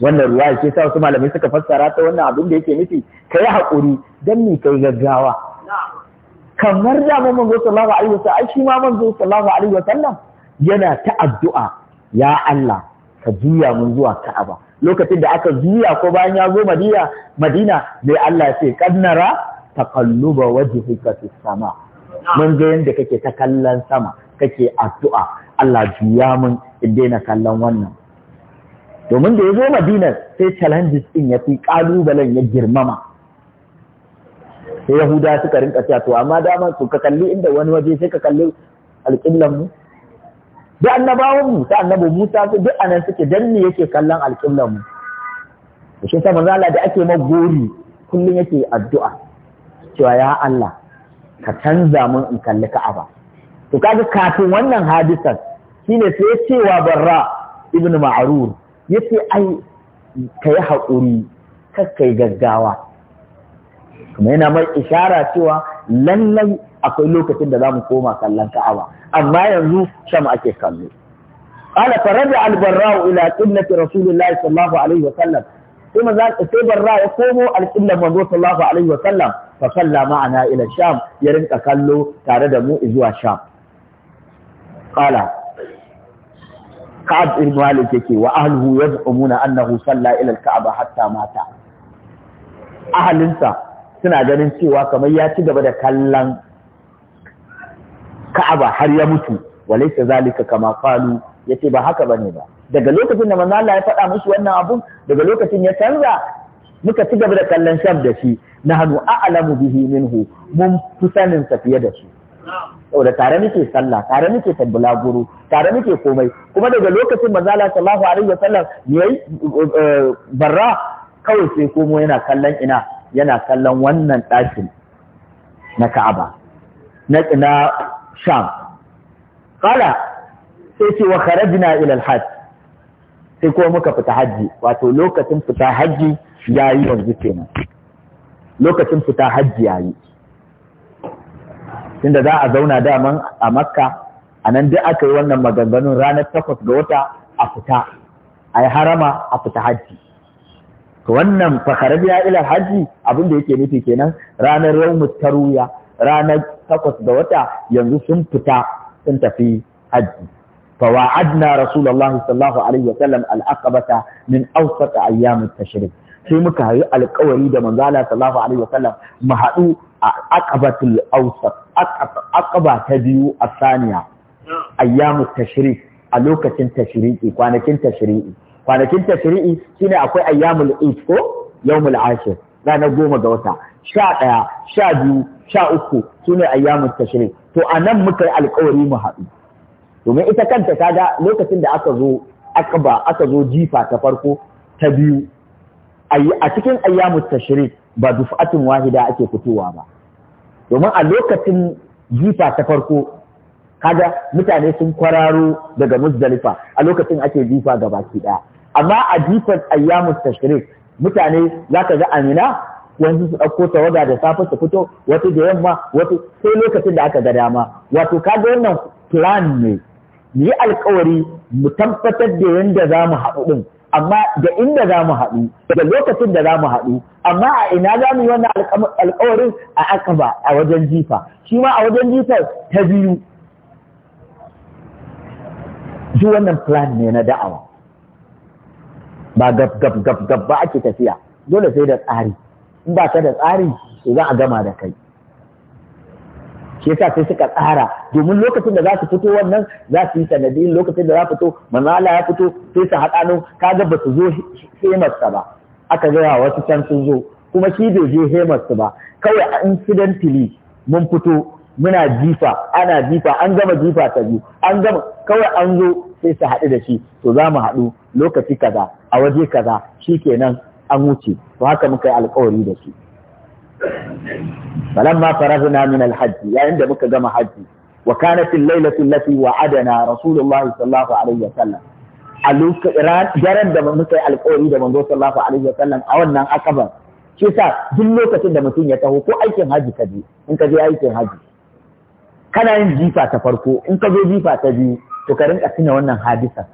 wannan ruwa ke sa wasu malamai suka fassara ta wannan abin da yake nufi kai hakuri dan ni kai gaggawa kamar da manzo sallallahu alaihi wasallam ai shi ma manzo sallallahu alaihi wasallam yana ta addu'a ya Allah ka juya mun zuwa Ka'aba lokacin da aka juya ko bayan ya zo Madina Madina mai Allah ce kannara taqalluba wajhika fis sama mun ga yanda kake ta kallon sama kake addu'a Allah juya mun in daina kallon wannan domin da ya zo madina sai challenges ɗin ya fi ƙalubalen ya girmama sai yahuda suka rinka cewa to amma dama su, ka kalli inda wani waje sai ka kalli alƙiblan mu duk annabawan mu ta annabi Musa su duk anan suke dan ne yake kallon alƙiblan mu to shi sa manzala da ake magori kullun yake addu'a cewa ya Allah ka canza mun in kalli Ka'aba to kaga kafin wannan hadisan shine sai cewa barra ibn ya ce ai kai haƙuri kakai gaggawa kuma yana mai ishara cewa lallai akwai lokacin da za mu koma kallon ka'aba amma yanzu sham ake kallo qala faraja albarra ila qiblati rasulillahi sallallahu alaihi wa sallam sai maza sai barra ya komo alqiblan manzo sallallahu alaihi wa sallam fa salla ma'ana ila sham ya rinka kallo tare da mu izuwa sham qala ka'ab ibn malik yake wa ahluhu yaz'umuna annahu salla ila al-ka'aba hatta mata ahalinsa suna ganin cewa kamar ya ci gaba da kallon ka'aba har ya mutu walaysa zalika kama qalu yace ba haka bane ba daga lokacin da manzo Allah ya faɗa musu wannan abun daga lokacin ya canza muka ci gaba da kallon shab da shi nahnu a'lamu bihi minhu mun fi sanin sa fiye da su saboda tare muke sallah tare muke tabbula guru tare muke komai kuma daga lokacin maza Allah sallahu alaihi ya yi eh, barra kawai sai komo yana kallon ina yana kallon wannan ɗakin na Ka'aba na Ina Sham Kala sai ce wa kharajna ila al-hajj sai kuma muka fita Hajji. wato lokacin fita ya yayi yanzu kenan lokacin fita ya yayi tunda za a zauna daman a makka a nan duk aka yi wannan maganganun ranar takwas ga wata a fita a yi harama a fita hajji to wannan fakarabiya ilar hajji abin da yake nufi kenan ranar yawmut taruya ranar takwas ga wata yanzu sun fita sun tafi hajji فوعدنا رسول الله صلى الله عليه وسلم العقبة من أوسط أيام التشريق sai muka hayi alkawari da manzala sallallahu alaihi wasallam mu haɗu aqabatul awsat aqaba ta biyu a saniya ayyamu tashrik a lokacin tashriqi kwanakin tashriqi kwanakin tashriqi shine akwai ayyamul eid ko yawmul ashir ranar goma ga wata sha ɗaya sha biyu sha uku shine ayyamun tashriq to a nan muka yi alkawari mu haɗu domin ita kanta kaga lokacin da aka zo aka ba aka zo jifa ta farko ta biyu a cikin ayyamun tashrik ba dufa'atin wahida ake fitowa ba domin a lokacin jifa ta farko kaga mutane sun kwararo daga muzdalifa a lokacin ake jifa ga baki ɗaya amma a jifar ayyamus tashrik mutane za ka ga amina wanzu su ɗauko tawaga da safe su fito wata da yamma wata sai lokacin da aka ga dama wato kaga wannan plan ne mu yi alkawari mu tabbatar da yadda za mu haɗu ɗin amma da inda za mu haɗu da lokacin da za mu haɗu amma a ina za mu yi wannan alƙawarin a akaba a wajen jifa shi ma a wajen jifa ta biyu shi wannan plan ne na da'awa ba gab gab gab ba ake tafiya dole sai da tsari in ba ka da tsari to za a gama da kai shi yasa sai suka tsara domin lokacin da za su fito wannan za su yi sanadi lokacin da za fito manala ya fito sai su haɗa kaga ba su zo hemarsa ba aka gaya wasu can sun zo kuma shi bai je hemarsa ba kawai incidentally mun fito muna jifa ana jifa an gama jifa ta biyu an gama kawai an zo sai su haɗu da shi to za mu haɗu lokaci kaza a waje kaza shi kenan an wuce to haka muka yi alkawari da shi falamma faragna min alhaji, yayin da muka gama hajji wa kanat al-lailatu allati wa'adana rasulullahi sallallahu alaihi wasallam a lu'u-iran, daren da muka yi alƙawari da manzo sallallahu alaihi wasallam a wannan akaban shi sa duk lokacin da mutum ya taho ko aikin haji ka je in ka je aikin haji kana yin jifa ta farko in ka zo jifa ta biyu to ka rinka tuna wannan hadisan.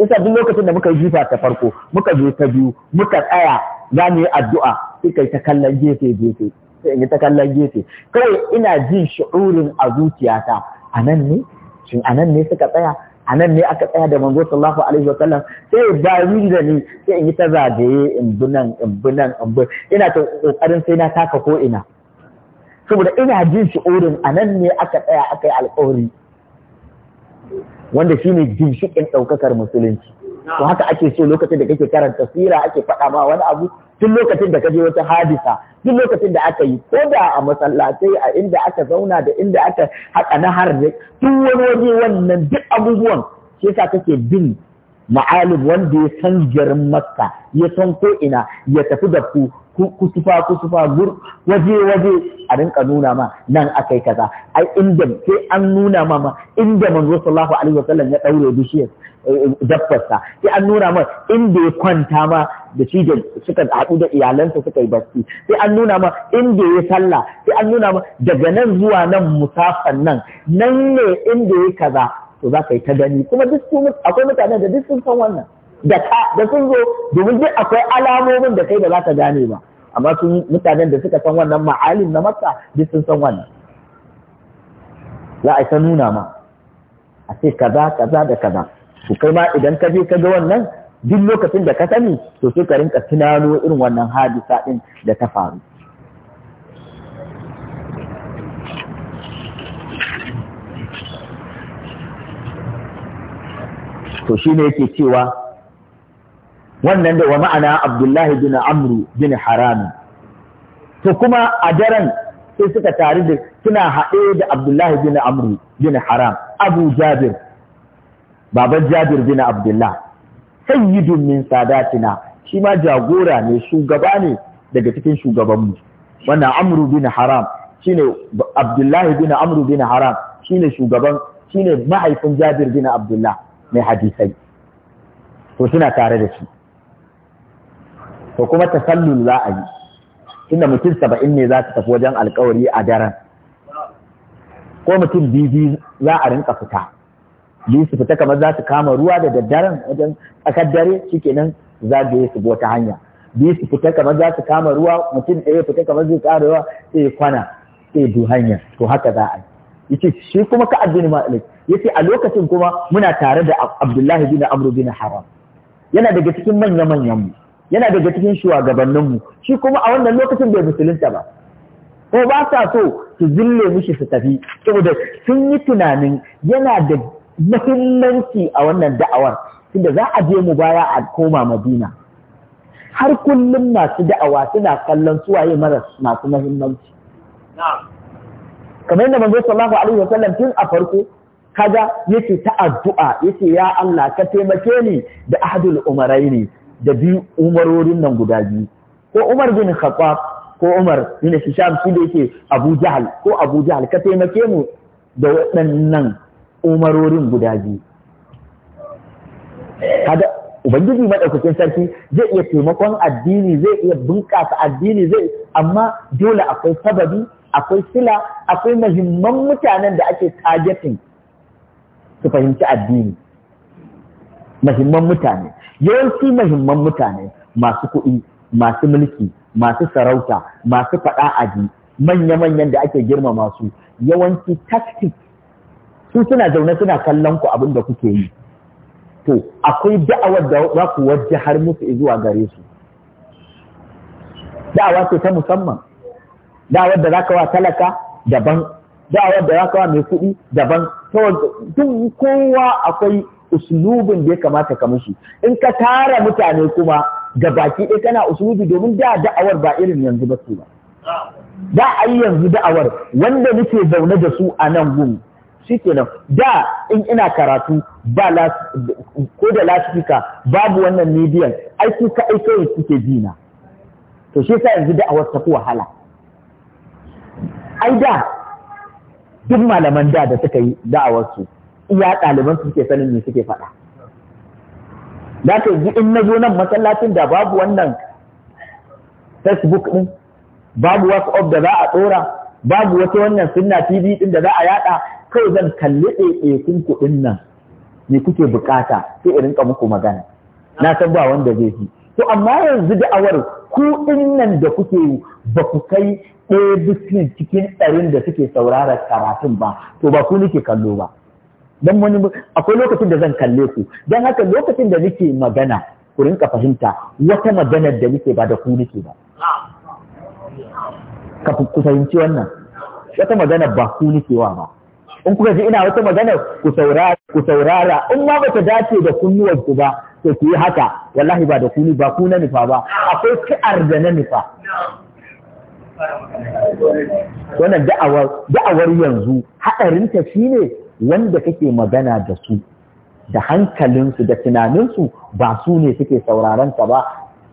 isa duk lokacin da muka yi jifa ta farko muka je ta biyu muka tsaya za mu yi addu'a sai kai ta kallon gefe gefe sai in yi ta kallon gefe kawai ina jin shu'urin a zuciyata a nan ne shin a nan ne suka tsaya a nan ne aka tsaya da manzo sallallahu alaihi wasallam sai ya ni da ni sai in yi ta zagaye in binan, in binan, in bu ina ta kokarin sai na taka ko ina saboda ina jin shi'urin a nan ne aka tsaya aka yi alƙawari wanda shine ginshiƙin ɗaukakar musulunci to haka ake so lokacin da kake karanta sira ake faɗa ma wani abu duk lokacin da ka je wata hadisa duk lokacin da aka yi ko da a masallatai a inda aka zauna da inda aka haka na harbe duk wani waje wannan duk abubuwan shi yasa kake bin ma'alim wanda ya san garin makka ya san ko ina ya tafi da ku kusufa kusufa gur waje waje a rinka nuna ma nan akai kaza ai inda sai an nuna ma ma inda manzo sallallahu alaihi wasallam ya daure bishiyar eh, sa sai an nuna ma inda ya kwanta ma da shi da suka haɗu da iyalansa suka yi barci sai an nuna ma inda ya sallah sai an nuna ma daga nan zuwa nan musafan nan nan ne inda ya kaza to za ka yi ta gani kuma duk akwai mutanen da duk sun san wannan da ka sun zo domin duk akwai alamomin da kai da za ka gane ba amma sun mutanen da suka san wannan ma'alin na makka duk sun san wannan za a ta nuna ma a ce kaza kaza da kaza to kai ma idan ka je ka ga wannan duk lokacin da ka sani to sai ka rinka tunano irin wannan hadisa din da ta faru to shi ne yake cewa wannan da wa ma'ana abdullahi bin amru bin haram to kuma a daren sai suka tare da suna haɗe da abdullahi bin amru bin haram abu jabir baban jabir bin abdullah sayyidun min sadatina shi ma jagora ne shugaba ne daga cikin shugabanmu wannan amru bin haram shine abdullahi bin amru bin haram shine shugaban shine mahaifin jabir bin abdullah mai hadisai to suna tare da shi to kuma tasallul za a yi inda mutum saba'in ne za su tafi wajen alkawari a daren ko mutum bibi za a rinka fita Bi su fita kamar za su kama ruwa da daddaren wajen tsakar dare shikenan zagaye su bota hanya Bi su fita kamar za su kama ruwa mutum ɗaya fita kamar zai ƙara ruwa sai kwana sai du hanya to haka za a yi yace shi kuma ka addini malik yace a lokacin kuma muna tare da Abdullahi bin Amr bin Haram yana daga cikin manya manyan mu yana daga cikin shugabanninmu shi kuma a wannan lokacin bai musulunta ba ko ba sa so su zille mishi su tafi saboda sun yi tunanin yana da mahimmanci a wannan da'awar tunda za a je mu baya a koma madina har kullum masu da'awa suna kallon suwaye mara masu muhimmanci kamar yadda manzo sallallahu alaihi wasallam tun a farko kaga yake ta addu'a yace ya Allah ka taimake ni da ahadul ne. da biyu umarorin nan guda biyu ko Umar bin Khattab ko Umar bin Hisham shi da yake Abu Jahal ko Abu Jahal ka taimake mu da waɗannan umarorin guda biyu kada ubangiji madaukakin sarki zai iya taimakon addini zai iya bunƙasa addini zai amma dole akwai sababi akwai sila akwai mahimman mutanen da ake targeting su fahimci addini mahimman mutane yawanci mahimman mutane masu kuɗi masu mulki masu sarauta masu faɗa aji manya-manyan da ake girmama su yawanci tactic su suna zaune suna kallon ku abin da kuke yi to akwai da'awar da za ku wajen har musu zuwa gare su da'awa ce ta musamman da'awar da za ka wa talaka daban da'awar da za ka wa mai kuɗi daban kowa akwai uslubin da ya kamata ka musu in ka tara mutane kuma ga baki ɗaya kana uslubi domin da da'awar ba irin yanzu ba su ba da yi yanzu da'awar wanda nake zaune da su a nan gumi kenan da in ina karatu ba ko da lasifika babu wannan midiyan aiki ku ka aiko kuke jina, to shi sa yanzu da'awar ta wahala ai da duk malaman da da suka yi da'awar su iya ɗaliban suke sanin me suke faɗa da ka yi in na zo nan masallacin da babu wannan facebook ɗin babu whatsapp da za a ɗora babu wata wannan sunna tv ɗin da za a yaɗa kai zan kalli ɗaiɗaikun kuɗin nan me kuke bukata sai irin ka muku magana na san ba wanda zai fi to amma yanzu da'awar ku ɗin nan da kuke ba ku kai ɗaya cikin ɗarin da suke saurara karatun ba to ba ku nake kallo ba don wani akwai lokacin da zan kalle ku don haka lokacin da nake magana ku rinka fahimta wata magana da nake ba da ku nake ba ka ku fahimci wannan wata magana ba ku nake wa ba in kuka ji ina wata magana ku saurara ku saurara in ma bata dace da kunnuwan ku ba to ku yi haka wallahi ba da kuni ba ku na nufa ba akwai ki'ar da na nufa wannan da'awar da'awar yanzu hadarin ta shine wanda kake magana da su da hankalinsu da tunaninsu ba su ne suke sauraron ka ba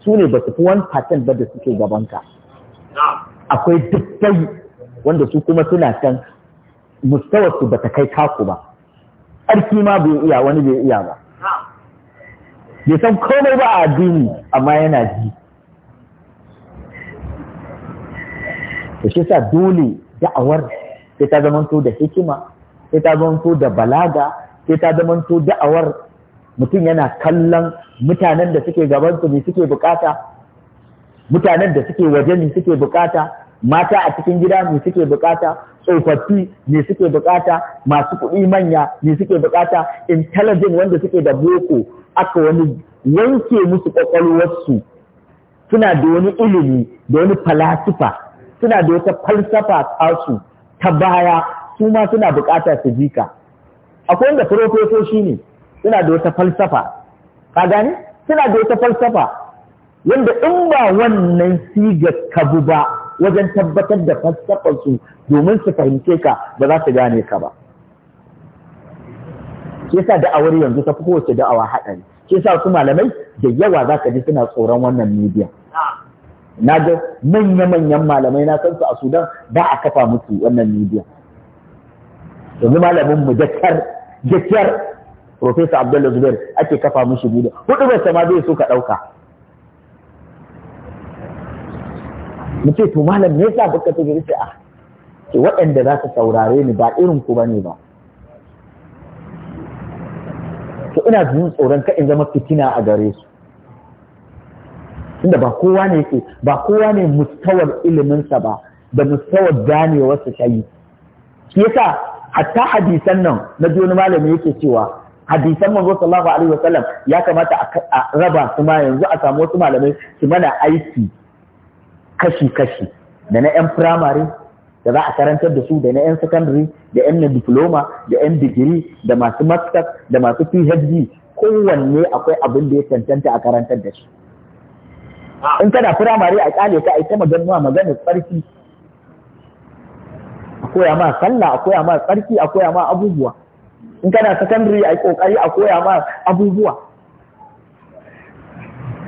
su ne ba su fi wani fatan ba da suke gaban ka. akwai dukkan wanda su kuma suna can mustawarsu ba ta kai kaku ba ƙarfi ma bai iya wani bai iya ba bai san komai ba a addini amma yana ji to shi sa dole da'awar sai ta zamanto da hikima sai ta zamanto da balaga sai ta zamanto da'awar mutum yana kallon mutanen da suke gabansu ne suke bukata mutanen da suke waje ne suke bukata mata a cikin gida ne suke bukata tsofaffi ne suke bukata masu kuɗi manya ne suke bukata intelligent wanda suke da boko aka wani yanke musu kwakwalwarsu suna da wani ilimi da wani falasifa suna da wata falsafa tasu ta baya su ma suna bukata su ji ka akwai wanda farofesoshi ne suna da wata falsafa ka gani suna da wata falsafa wanda in ba wannan siga kabu ba wajen tabbatar da falsafarsu domin su fahimce ka ba za su gane ka ba Ke sa da'awar yanzu ta fi kowace da'awa haɗari Ke sa su malamai da yawa za ka ji suna tsoron wannan media na ga manya-manyan malamai na kansu a sudan ba a kafa musu wannan media yanzu malamin mu jakar jakkar Profesa Abdullahi Zubair ake kafa mushi bidiyo hudu bai sama zai so ka ɗauka. mutum to malam ne yasa baka ta sai a ce ah, waɗanda za su saurare ni ba irin ku bane ba. To ina jin tsoron ka in zama fitina a gare su. Tunda ba kowa ne yake ba kowa ne mustawar iliminsa ba da mustawar ganewarsa shayi. Shi yasa hatta hadisan nan na ji wani malami yake cewa hadisan manzo sallallahu alaihi wasallam ya kamata a raba su ma yanzu a samu wasu malamai su mana aiki kashi kashi da na yan firamare da za a karantar da su da na yan secondary da yan na diploma da yan digiri da masu master da masu PhD kowanne akwai abin da ya cancanta a karantar da shi ah. in kana firamare a kyale ka ai ta magana maganar tsarki a koya ma sallah a koya ma tsarki a koya ma abubuwa in kana secondary a kokari a koya ma abubuwa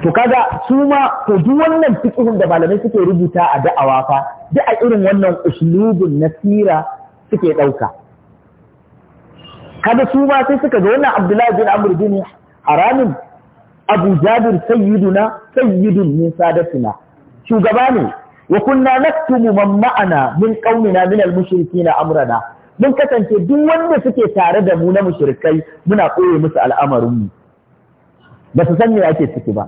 to kaga su ma to duk wannan fiqhun da malamai suke rubuta a da'awa fa duk a irin wannan uslubun nasira suke dauka kada su ma sai suka ga wannan Abdullahi bin Amr bin Haramin Abu Jabir sayyiduna sayyidun da sina shugaba ne wa kunna naktumu man ma'ana min qaumina min al-mushrikina amrana mun kasance duk wanda suke tare da mu na mushrikai muna koye musu al'amarin mu ba su sanya me ake ciki ba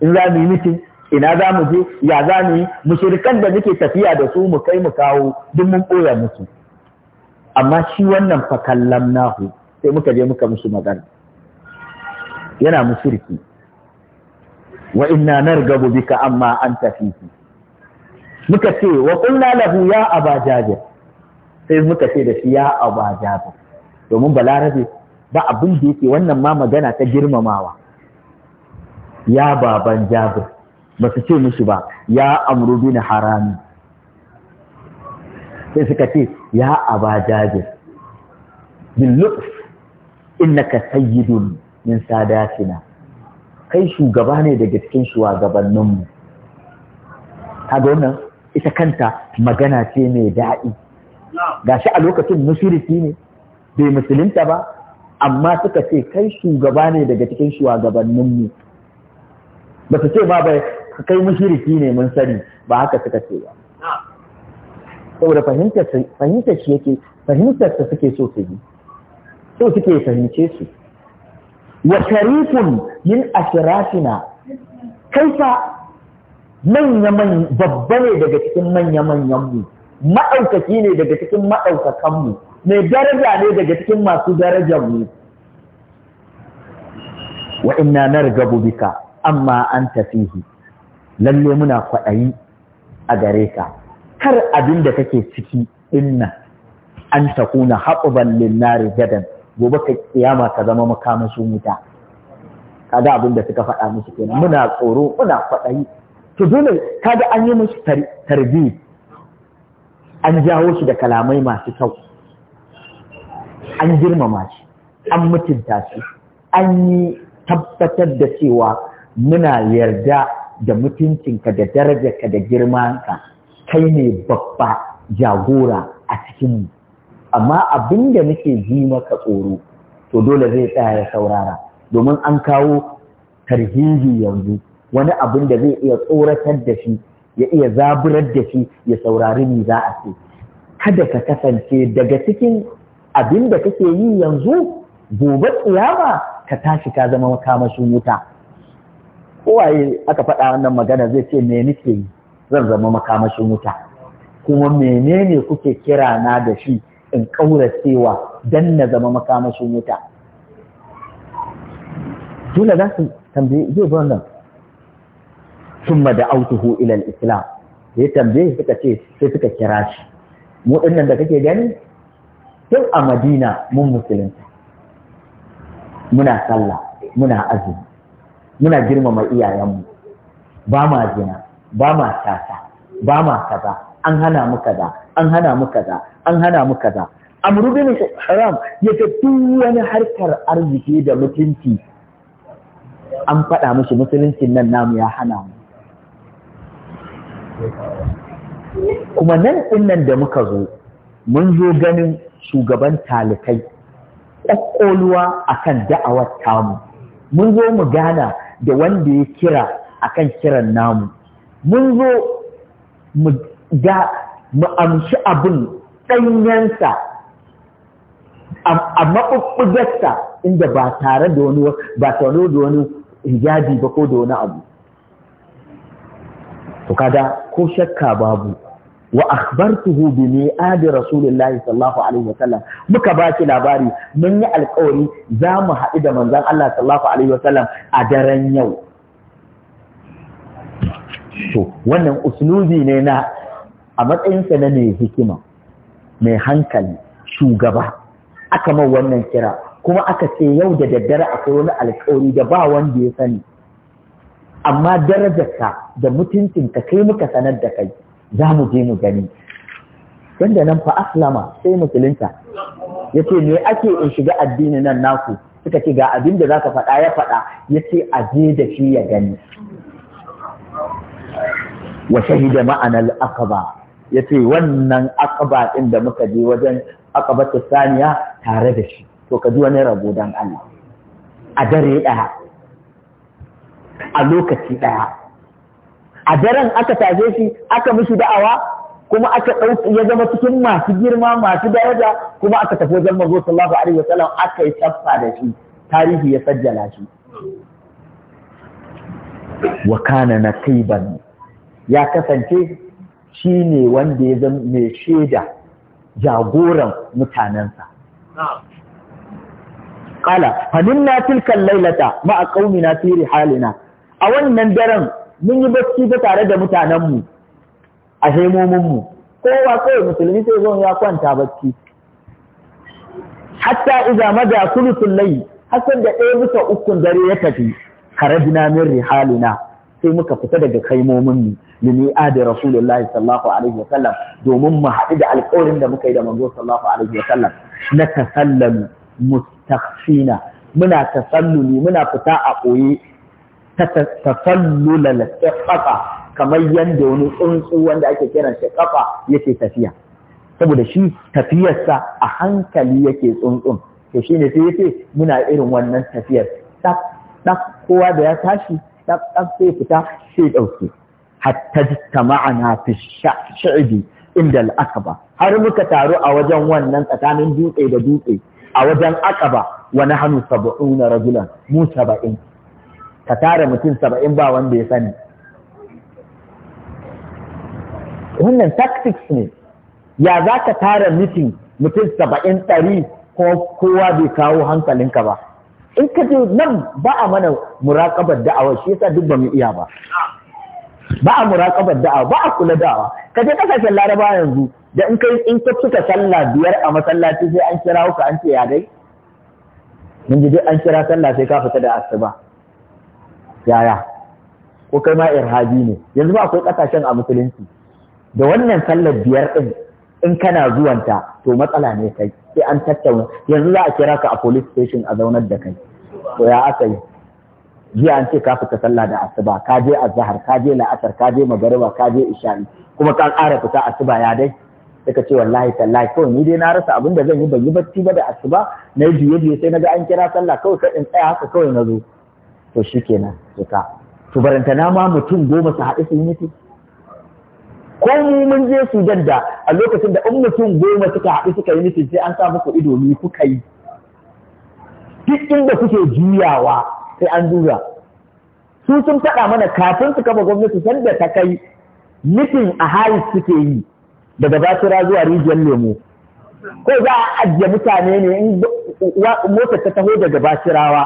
in za mu yi mitin ina za mu je ya za mu yi mushrikan da muke tafiya da su mu kai mu kawo duk mun koya musu amma shi wannan fa nahu sai muka je muka musu magana yana mushriki wa inna nargabu bika amma anta fihi muka ce wa kulla lahu ya aba jabir sai muka ce da shi ya aba jabir domin balarabe ba abin da yake wannan ma magana ta girmamawa ya baban jabir ba su ce mushi ba ya amru bin harami sai suka ce ya aba jabir bin lutf innaka sayyidun min sadatina kai shugaba ne daga cikin shugabanninmu mu, wannan ita kanta magana ce mai daɗi Ga shi a lokacin musulunci ne bai musulunta ba amma suka ce kai shugaba ne daga cikin shugabanninmu ba su ce ba bai kai musulunci ne mun sani ba haka suka ce ba saboda fahimtar shi yake fahimtar ta suke so su yi so suke fahimce su wa sharifun min kai fa. manya babba ne daga cikin manya-manyan mu maɗaukaki ne daga cikin maɗaukakan mu mai daraja ne daga cikin masu darajar mu wa inna nargabu bika amma an tafihi lalle muna kwaɗayi a gare ka kar abin da kake ciki inna an takuna haɓuban linnari gadan gobe ka kiyama ka zama makamashin wuta kaga abin da suka faɗa musu kenan muna tsoro muna kwaɗayi to dole kaga an yi musu tarbi an jawo shi da kalamai masu kyau an girmama shi an mutunta shi an yi tabbatar da cewa muna yarda da mutuncinka da daraja ka da girma ka kai ne babba jagora a cikinmu amma abin da nake ji maka tsoro to dole zai tsaya ya saurara domin an kawo tarhibi yanzu wani abin da zai iya tsoratar da shi ya iya zaburar da shi ya saurari ni za a ce kada ka kasance daga cikin abin da kake yi yanzu gobe tsiyama ka tashi ka zama makamashin wuta kowaye aka faɗa wannan magana zai ce me nake yi zan zama makamashin wuta kuma menene kuke kira na da shi in ƙauracewa dan na zama makamashin wuta dole za su tambaye zai nan summa da autuhu ilal islam ya tambaye suka ce sai suka kira shi mu dinnan da kake gani tun a madina mun musulunta muna sallah muna azumi muna girmama iyayenmu ba ma jina, ba ma tata ba ma kaza an hana mu kaza an hana mu kaza an hana mu kaza amru bin haram ya ce duk wani harkar arziki da mutunci an faɗa mushi musuluncin nan namu ya hana mu kuma nan ɗinnan da muka zo mun zo ganin shugaban talikai ƙwaƙƙoluwa a kan da'awar tamu mun zo mu gana da wanda ya kira a kan kiran namu mun zo mu ga mu amshi abin ɗanyensa a maɓuɓɓugarsa inda ba tare da wani ba tare da wani hijabi ba ko da wani abu to kada ko shakka babu wa akhbartuhu bi mi'ad rasulillah sallallahu alaihi wasallam muka ba shi labari mun yi alƙawari za mu haɗu da manzon Allah sallallahu alaihi wasallam a daren yau to wannan uslubi ne na a matsayinsa na mai hikima mai hankali shugaba aka man wannan kira kuma aka ce yau da daddare akwai wani alƙawari da ba wanda ya sani amma darajarka da ka kai muka sanar da kai za mu je mu gani dan da nan fa aslama sai musulunta yace me ake in shiga addinin nan naku suka ce ga abin da zaka faɗa ya faɗa yace a je da shi ya gani wa shahida ma'ana al ya yace wannan aqaba din da muka je wajen aqabatu saniya tare da shi to ka ji wani rabo dan Allah a dare ɗaya a lokaci ɗaya a daren aka tashe shi aka mishi da'awa kuma aka ɗauki ya zama cikin masu girma masu daraja kuma aka tafi wajen manzo sallallahu alaihi wasallam aka yi tsaffa da shi tarihi ya sajjala shi wa kana naqiban ya kasance shi ne wanda ya zama mai shaida jagoran mutanensa qala na tilkan tilka ma lailata ma'a na fi halina. a wannan daren mun yi bacci ta tare da mutanenmu a haimominmu, kowa kawai musulmi sai zo ya kwanta bacci hatta iza maja sulusun layi hasan da ɗaya bisa ukun dare ya tafi karajina min rihalina sai muka fita daga haimominmu, mu limi adi rasulullahi sallallahu alaihi wasallam domin mu haɗu da alƙawarin da muka yi da manzo sallallahu alaihi wasallam na tasallamu mustakhfina muna tasalluli muna fita a ɓoye tasallulal kafa kamar yanda wani tsuntsu wanda ake kiran shi kafa yake tafiya saboda shi tafiyarsa a hankali yake tsuntsun to shine sai yace muna irin wannan tafiyar tak tak kowa da ya tashi tak tak sai fita sai ɗauke, hatta ma'ana fi sha'bi inda al'aqaba har muka taru a wajen wannan tsakanin dutse da dutse a wajen akaba wa nahnu sab'una rajulan mu saba'in ka tare mutum saba'in ba wanda ya sani wannan tactics ne ya za ka tara mutum mutum saba'in ɗari ko kowa bai kawo hankalinka ba in ka je nan ba a mana muraƙabar da'awa shi yasa duk ba mu iya ba ba a muraƙabar da'awa ba a kula da'awa ka je kasashen laraba yanzu da in kai in ka cika sallah biyar a masallaci sai an kira ka an ce ya dai mun ji duk an kira sallah sai ka fita da asuba yaya ko kai ma irhabi ne yanzu ba akwai kasashen a musulunci da wannan sallar biyar din in kana zuwanta to matsala ne kai sai an tattauna yanzu za a kira ka a police station a zaunar da kai to ya aka yi jiya an ce ka fita sallah da asuba ka je azhar ka je la'asar ka je magariba ka je isha'i kuma ka ƙara fita asuba ya dai Saka ce wallahi tallahi kawai ni dai na rasa abin da zan yi ban yi bacci ba da asuba na yi biye biye sai na ga an kira sallah kawai ka in tsaya haka kawai na zo to shi kenan jika to na ma mutum goma su haɗu su yi mutu ko mu mun je Sudan da a lokacin da in mutum goma suka haɗu suka yi mutu sai an sa muku ido ni kuka yi duk inda kuke juyawa sai an dura su sun faɗa mana kafin su kafa gwamnati sanda ta kai mutum a hali suke yi daga basira zuwa rijiyar lemu, ko za a ajiye mutane ne in motar ta taho daga basirawa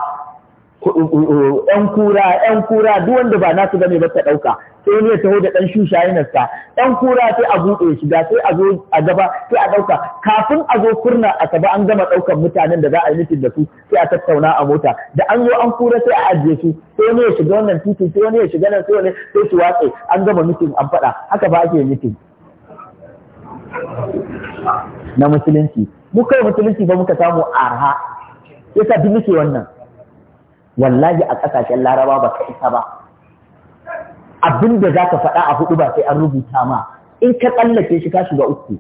ɗan kura ɗan kura duk wanda ba nasu bane ba ta ɗauka sai ne ya taho da ɗan shusha nasta. ɗan kura sai a buɗe shiga sai a zo a gaba sai a ɗauka kafin a zo kurna a saba an gama ɗaukan mutanen da za a yi mitin da su sai a tattauna a mota da an zo an kura sai a ajiye su sai wani ya shiga wannan titin sai wani ya shiga nan sai wani sai su watse an gama mitin an faɗa haka ba ake mitin na musulunci mu kai musulunci ba muka samu arha yasa duk muke wannan wallahi a ƙasashen laraba ba ka isa ba abin da za ka faɗa a hudu ba sai an rubuta ma in ka tsallake shi ka shiga uku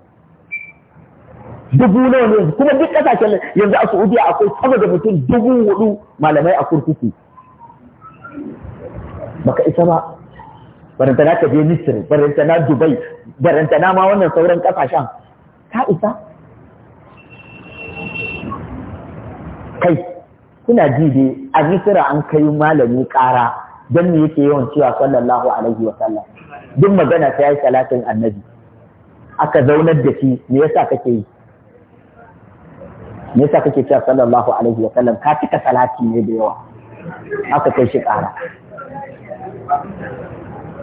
dubu nawa ne kuma duk ƙasashen yanzu a Saudiya akwai sama da mutum dubu hudu malamai a kurkuku ka isa ba baranta na je Misir baranta na Dubai baranta na ma wannan sauran ƙasashen ka isa kai suna ji dai a misira an kai malami ƙara don me yake yawan cewa sallallahu alaihi wa sallam duk magana ta yi salatin annabi aka zaunar da shi me yasa kake yi me yasa kake cewa sallallahu alaihi wa sallam ka cika salati ne da yawa aka kai shi ƙara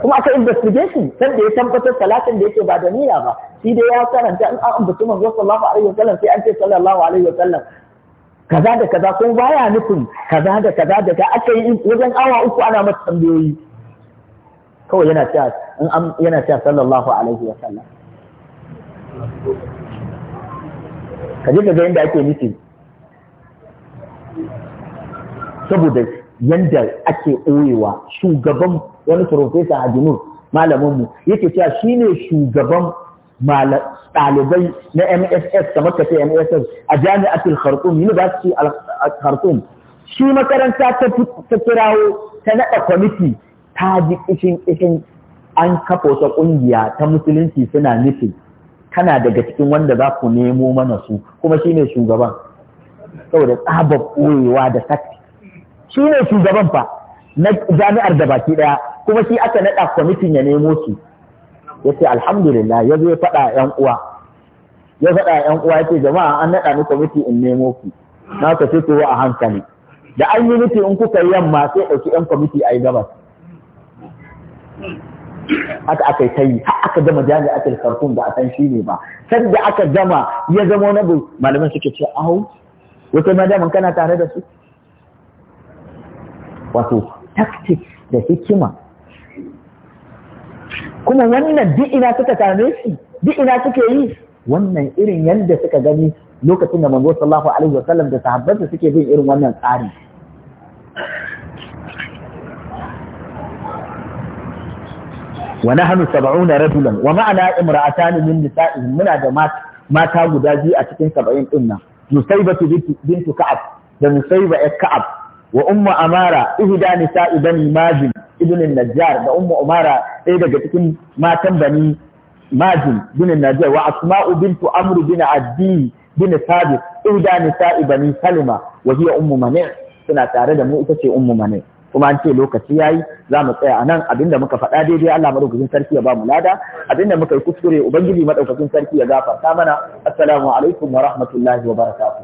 kuma aka investigation san da ya tabbatar salatin da yake ba da niyya ba shi dai ya karanta in an ambaci manzo sallallahu alaihi wa sallam sai an ce sallallahu alaihi wa sallam kaza da kaza kuma baya nufin kaza da kaza da ka aka yi wajen awa uku ana masa tambayoyi kawai yana cewa in am yana cewa sallallahu alaihi wa sallam kaje ka ga yanda ake nufi saboda yanda ake ɓoyewa shugaban wani profesa Hadinur malamin mu yake cewa shine shugaban ɗalibai na MSS kamar ka ce MSS a jami'atul Khartoum University Khartoum shi makaranta ta kirawo ta naɗa kwamiti ta ji kishin-kishin an kafa wata ƙungiya ta musulunci suna nufi kana daga cikin wanda za ku nemo mana su kuma shi ne shugaban saboda tsabar ɓoyewa da sakti shi ne shugaban fa na jami'ar da baki ɗaya kuma shi aka naɗa kwamitin ya nemo su ya ce alhamdulillah ya zo ya faɗa ‘yan uwa ya faɗa ‘yan uwa ya ce jama'a an naɗa ni kwamiti in nemo ku na ka ce a hankali da an yi nufi in kuka yamma sai ɗauki ‘yan kwamiti a yi gabas haka aka yi tayi har aka gama jami'a khartoum ba a san shi ne ba sai da aka gama ya zama na malaman suke ce aho wata ma daman kana tare da su wato tactics da hikima kuma wannan duk ina suka same shi duk ina suke yi wannan irin yadda suka gani lokacin da manzo sallallahu alaihi sallam da sahabbansa suke bin irin wannan tsari wa nahnu 70 rajulan wa ma'ana imra'atan min nisa'ihim muna da mata guda biyu a cikin 70 din nan Nusayba bintu Ka'ab da Musaiba ya Ka'ab wa ummu amara ihda nisa'i bani majin ibn najjar da umma amara ɗaya daga cikin matan bani majin bin najjar wa asma'u bintu amru bin addi bin sabit ihda nisa'i bani salima wa hiya ummu mani' suna tare da mu ita ce ummu mani' kuma an ce lokaci yayi za mu tsaya anan abinda muka faɗa daidai Allah madaukakin sarki ya ba mu lada abinda muka yi kuskure ubangiji madaukakin sarki ya gafarta mana assalamu alaikum wa rahmatullahi wa barakatuh